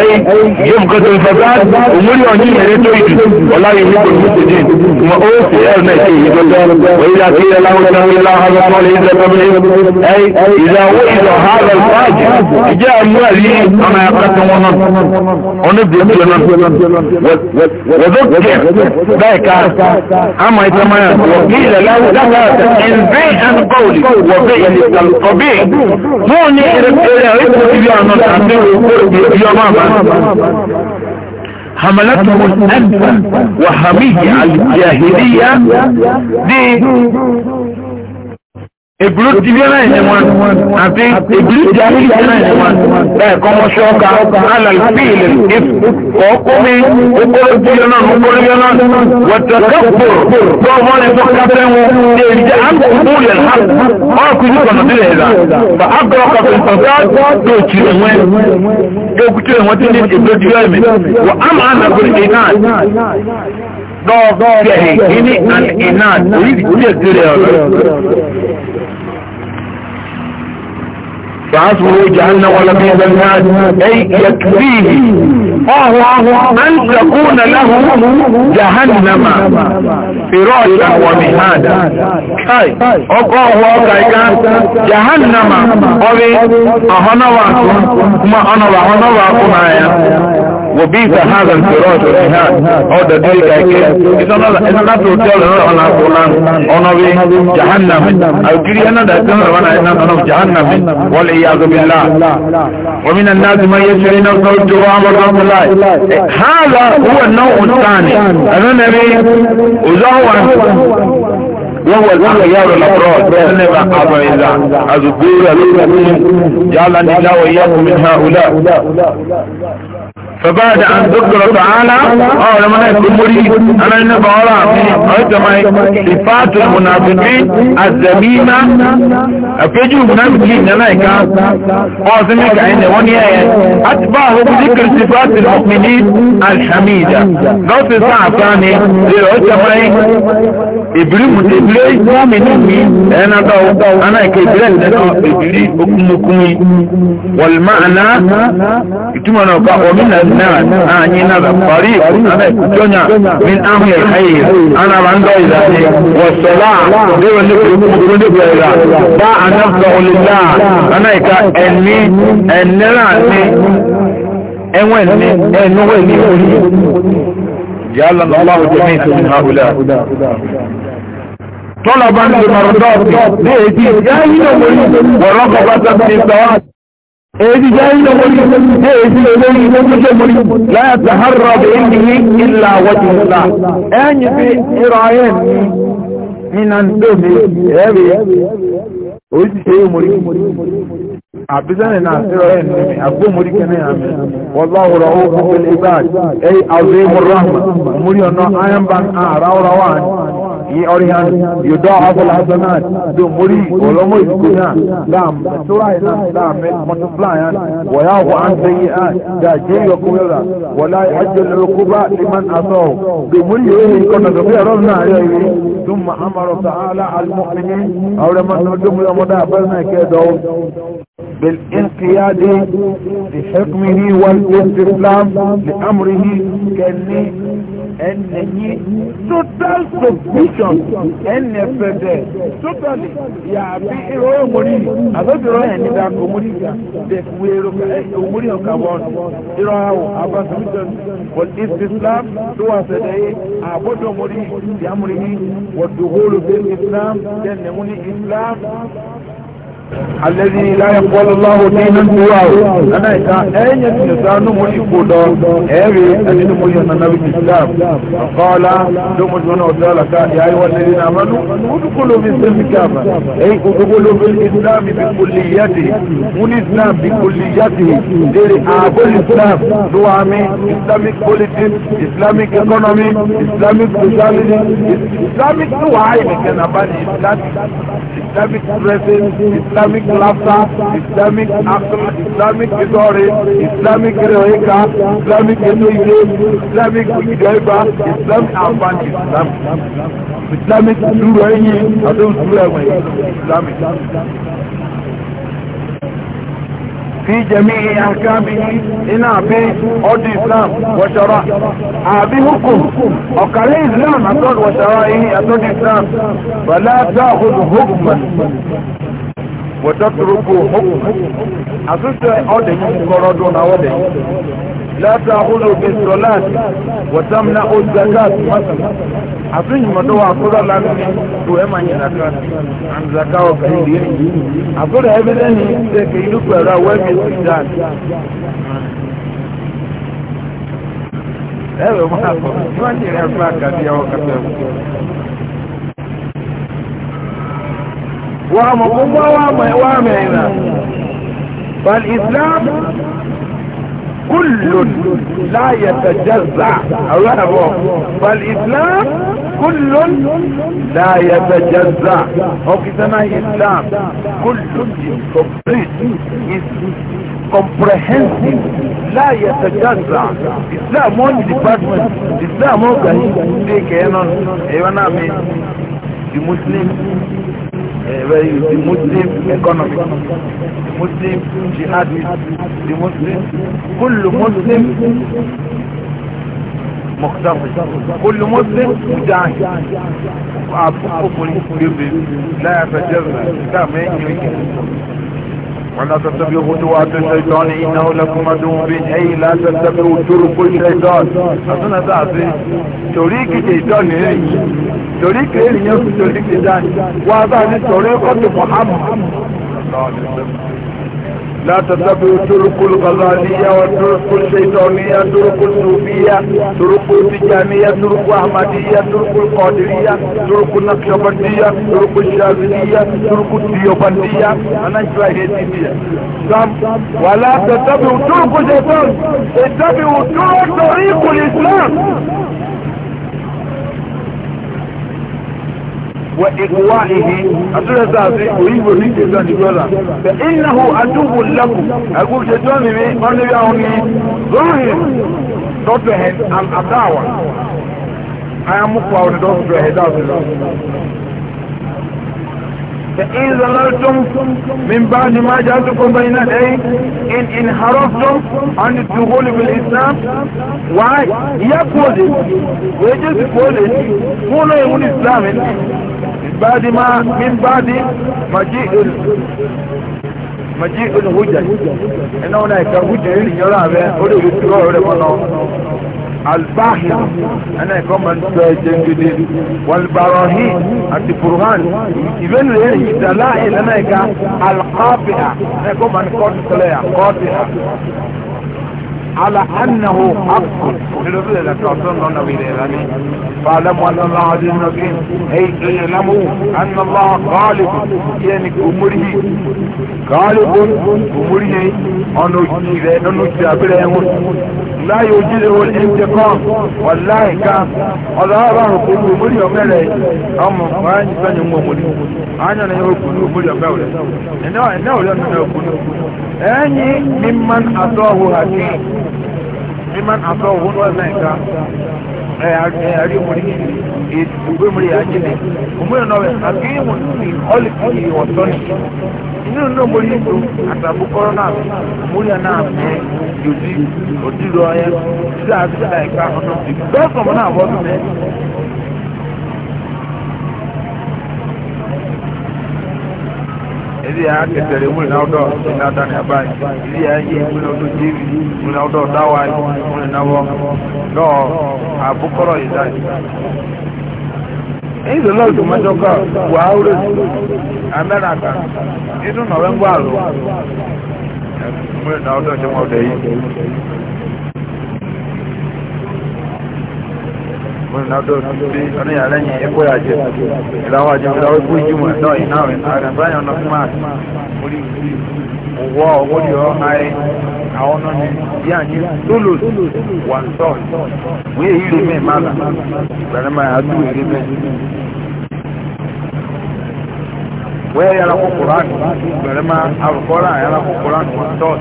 Speaker 1: ẹ̀yìn يفقد الفساد ومليون يمين تويد ولا يحب المفسدين ثم اوفي المهدي واذا قيل له اتقوا الله ذكر العزه بالعزه اي اذا وعد هذا الفاجر جاء المولي كما يقدم ونصر ونبدي وذكر ذاك اما يتميز وقيل له ذكرت ان بيئا قولي وبيئا الطبيعي هوني الى الى الى الى الى الى الى حملتهم الأنفة وحمية على الجاهلية دي èbúrú ti bí náà ní wọn àti èbúrú ti àhírí ti náà ní wọn bẹ́ẹ̀ kọ́ mọ́ ṣọ́ọ̀ka alàlùfíìlì ọkùnmi okòrò ti yọ náà okòrò yọ náà wọ̀tẹ̀kẹ́pọ̀ tó ọmọ rẹ̀ tó kápẹ́ wọn ní èrìjẹ́ àkùnkùn yẹn ha ọkùnrin kọ̀nà sílẹ̀ ẹ̀dá bà ágbọ̀rọ̀ kọ̀tún kọ̀tà tó ti rẹ̀ wọ́n tó kú ti rẹ̀ wọ́n ti ní èbúrú ti yọ ẹ̀mí wọ́n á máa nà فعصره جهنم ولبيد المهاد اي يكفيه ان تكون له جهنم فراشا ومهادا كاي اوكو هو كاي كان جهنم اوي اهنوا كما اهنوا اهنوا كما وبيس هذا الفراش والنهان او ده دي كاكي اذا انا بروتيل انا انا قولان انا بي جهنم او كري انا ده كمر وانا انا جهنم والعياذ بالله ومن الناس ما يشري نفسه الجوع والرحمة الله هذا هو النوع الثاني انا نبي وزهو وهو الأخيار الأبرار سنبا أبا إذا أذكور لكم جعلني النجاة وإياكم من هؤلاء فبعد أن ذكر تعالى أو لما نكمري أنا ان بعلا أنت ما صفات المنافقين الزميمة أفجوا المنافقين أنا أعظمك عند ونيا اتباه بذكر صفات المؤمنين الحميدة قلت الساعة الثانية لأنت ما إبريم إبريم مؤمن أنا دو أنا كإبريم إبريم أكمكمي والمعنى اتمنى يتمنى ومن الناس أعني نذر طريق أنا الدنيا من أمر الخير أنا من ذلك والصلاة دي ونفر مدرون بيلا باع نفسه لله أنا إكا أني أنراني أنواني أنواني جعلنا الله جميعا من هؤلاء طلبا لمرضاتي ليه دي جاهلة ورغبة في الثواب èyí jẹ́ ilé orí èyí olórí ìlúkúṣe múrí láti harrọ̀ bí i ní ìlà wọ́dí ńlá ẹ̀yìn bí ìrọ̀ ayé ní nínà lómi ẹ̀rí oríṣìṣẹ́ múrí àbísẹ́nì náà sírọ̀ ẹ̀ ní àgbó múrí kẹ́nẹ́ àmì wọ́láwọ̀rọ̀ ó kúkú ní ibáàdì ẹ̀yí àwọn ìmúrọ̀ àmà múrí ọ̀nà ayẹ́mbá àráwọ̀rọ̀ wà ní ọ̀rìhàn yòdọ́ abọ́làbọ́nà tó mórí ọlọ́mọ ìdìbò náà láàm ṣúra iná láàm mọ́tòfúlà yẹn wọ̀yá wọ à ń sẹ́yìn à dàjẹ́ ìyọkùnrin rà wọ̀lá ẹjọ́ lọ́kùnrin liman asọ́ tó mórí yóò yẹ ikọ́ nàdọ̀ bí ẹ̀rọ náà rẹ̀ yìí tó mọ̀ àmàrọ̀ sàálà alimọ̀kìnrin àwọn ọmọdé بالانقياد لحكمه والاستسلام لامره كاني ẹnìyí total submission ẹnì ẹfẹdẹ totally yàbí irọ́ òmòrì àbẹ̀bẹ̀rọ̀ ẹni dà òmòrì dẹ̀ wéèrò òmòrì ọ̀kà wọn irọ́ àwọ̀ abasomison But if islam tó wà sẹ̀dẹ̀ yé àbọ̀dọ̀ òmòrì yàmùrì yìí wọ́n dòwó lóde islam dẹ̀ nẹ̀mú ní islam alẹ́ni láyẹ̀pọ̀lọ́láwò ní inú ìwà o nana ìka ẹ̀yẹ ti nìta ní mo ní kó dọ ẹ̀rẹ̀ ẹni ní mo yẹ nana wí islam ọ̀kọ́ọ́lá ló mo jùlọ náà ọ̀dọ́ àlàkà ìyá ìwà lẹ́ni náà máa ló kúndùn kó ló fi ṣe fi káàbà ẹ̀yìn gbogbo ló fi islam bí kò lè yàtì mo islam bí kò lè yàtì lérí ààbò islam ló islamic politics islamic economy islamic sociality islamic ló wà á ìrìnkẹ́ nàbá islamic islamic dressing Islamic laughter, Islamic akal, Islamic ìdọ́rẹ̀, Islamic ìrẹ̀wẹ̀ká, Islamic inú ilé, Islamic ìdẹ́gbà, Islamic àǹfààní Islam. Islamic ìdúró ẹ̀yìn àti ìdúró ẹ̀wọ̀n Islamic. في جميع احكامه انا في ارض الاسلام وشرائع ابي حكم وقال الاسلام عن وشرائعه عن الاسلام فلا تاخذ حكما وتتركوا حكم أسوسة أولي كرادون أولي لا تأخذوا بالصلاة وتمنعوا الزكاة مثلا أسوسة مدوى أقول الله مني تؤمن عن زكاة عن زكاة وكهيدين أقول أبداني سيكينوك ولا ومي السجان Ẹ̀rọ máa kọ̀, wọ́n ti rẹ̀ fún àkàdé ọkọ̀ tẹ̀wọ̀. ومقوة ومعنى فالإسلام كل لا يتجزع أولاً فالإسلام كل لا يتجزع أو كتنا إسلام كل is complete is comprehensive لا يتجزع إسلام one department إسلام one كهي دي كينون أيوانا من the Muslim the Muslim economy, the Muslim jihadist, the Muslim, كل مسلم مقتضي كل مسلم مجاهد لا يتجرى إيه ولا تتبعوا خطوات الشيطان انه لكم عدو به اي لا تتبعوا طرق الشيطان اظن هذا توريك الشيطان هي إيه؟ torí kìí yẹn fi torí kìí dání wà bá ní torí ọdún muhammad لا تتبعوا طرق الغزالية وطرق الشيطانية طرق الصوفية طرق التجانية طرق أحمدية طرق القادرية طرق النقشبندية طرق الشاذلية طرق الديوبندية أنا إسرائيلية ولا تتبعوا طرق الشيطان اتبعوا طرق طريق الإسلام وإقوائه أتلسى في أريد الإنسان جولا فإنه أتوب لكم أقول شجوني من أن يعوني ظاهر تطهن الأداوة أنا مقوى ونطهن فإن ظللتم من بعد ما جاءتكم بين الأي إن انحرفتم عن الدخول بالإسلام why يقول ويجب يقول كون يقول الإسلام من بعد ما من بعد مجيء مجيء الهجر إنه هناك هجر يرى به أولي يتبعه لمنه albahir ẹnna ẹ̀kọ́ máa ń sọ ẹ̀jẹ̀ gidi wàlbàrọ̀hìn àti burhan ìbẹ́nu rẹ̀ ìdàlá ìlànà ẹ̀ka alqabiha ẹnna ẹ̀kọ́ máa ń kọ́ọ̀tù kọlẹ́yà kọ́ọ̀tìhà على أنه حق لنبذل لك أصلا نبيل إلاني فاعلموا أن الله عزيز نبيل أي اعلموا أن الله غالب يعني أمره غالب أمره أنه جابره láyé ojúlé wọn ẹ̀jẹ̀ kan ọ̀láì ká ọ̀lọ́wọ́ àwọn òkúrú omórí ọ̀fẹ́ rẹ̀ ọmọ ọ̀hán ní sọ́yìn mú omórí àányọ̀ ní òkúrú omórí ọ̀fẹ́ rẹ̀ ẹ̀nà òrí ọ̀nà ní òkúrú ẹ̀yìn mímán àtọ́wò àti mímán àtọ́wò wọn wọ́n náà ká أريهم يقوم لأجله ومن نوع أقيم في خلقه وصنعه inú ní mo yí tó àtàbùkọ́rọ́ náà múlẹ̀ náà mú yòdì òdìrọ̀ ẹ̀ sílẹ̀ àti sílẹ̀ ìka ọ̀nà ìgbésọ̀mọ́ náà wọ́n tún mẹ́ ezi ya ketere mu na ọdọ na ọdọ na abai ezi ya yi mu na ọdọ jiri mu na ọdọ dawai mu na wọ lọ abukọrọ yi dai èyí ló lọ́ọ̀dù mọ́jọ́kọ́ wà á rẹ̀ amẹ́ràkà nínú nọ̀wẹ́ngbà lọ mu na ọdọ tí wọ́n dẹ̀ yìí. wani na do tuti wani ya lenye eko ya je ilawa je ilawa ku juma do ina we na ga banya na kuma muri wo wo di o ai awon no ni ya ni tulus one son we ile me mala bana ma adu ile me we ya la ku qur'an bana ma al qur'an ya la ku qur'an one son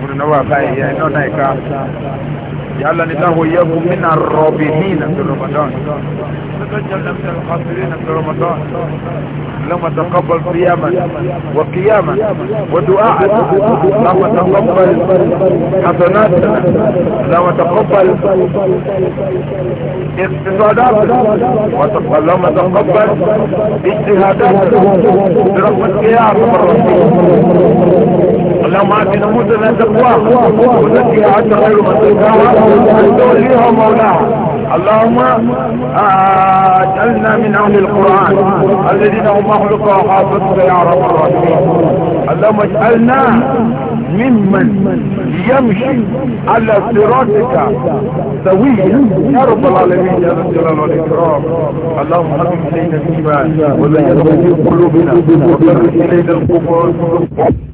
Speaker 1: Muna nawa bai ya nona ka جعلني الله وإياكم من الرابحين في رمضان تجعلنا من الخاسرين في رمضان اللهم تقبل قياما وقياما ودعاء اللهم تقبل حسناتنا اللهم تقبل اقتصاداتنا اللهم تقبل اجتهاداتنا برغم يا من ربنا اللهم اعط نفوسنا تقواها وزكها عز خير من زكاها اللهم اجعلنا من اهل القرآن الذين هم اهلك وخاصتك يا رب الراحمين اللهم اجعلنا ممن يمشي على صراطك سويا يا رب العالمين يا ذا الجلال والاكرام اللهم حبب الينا الايمان وزينه في قلوبنا وكره الينا القبور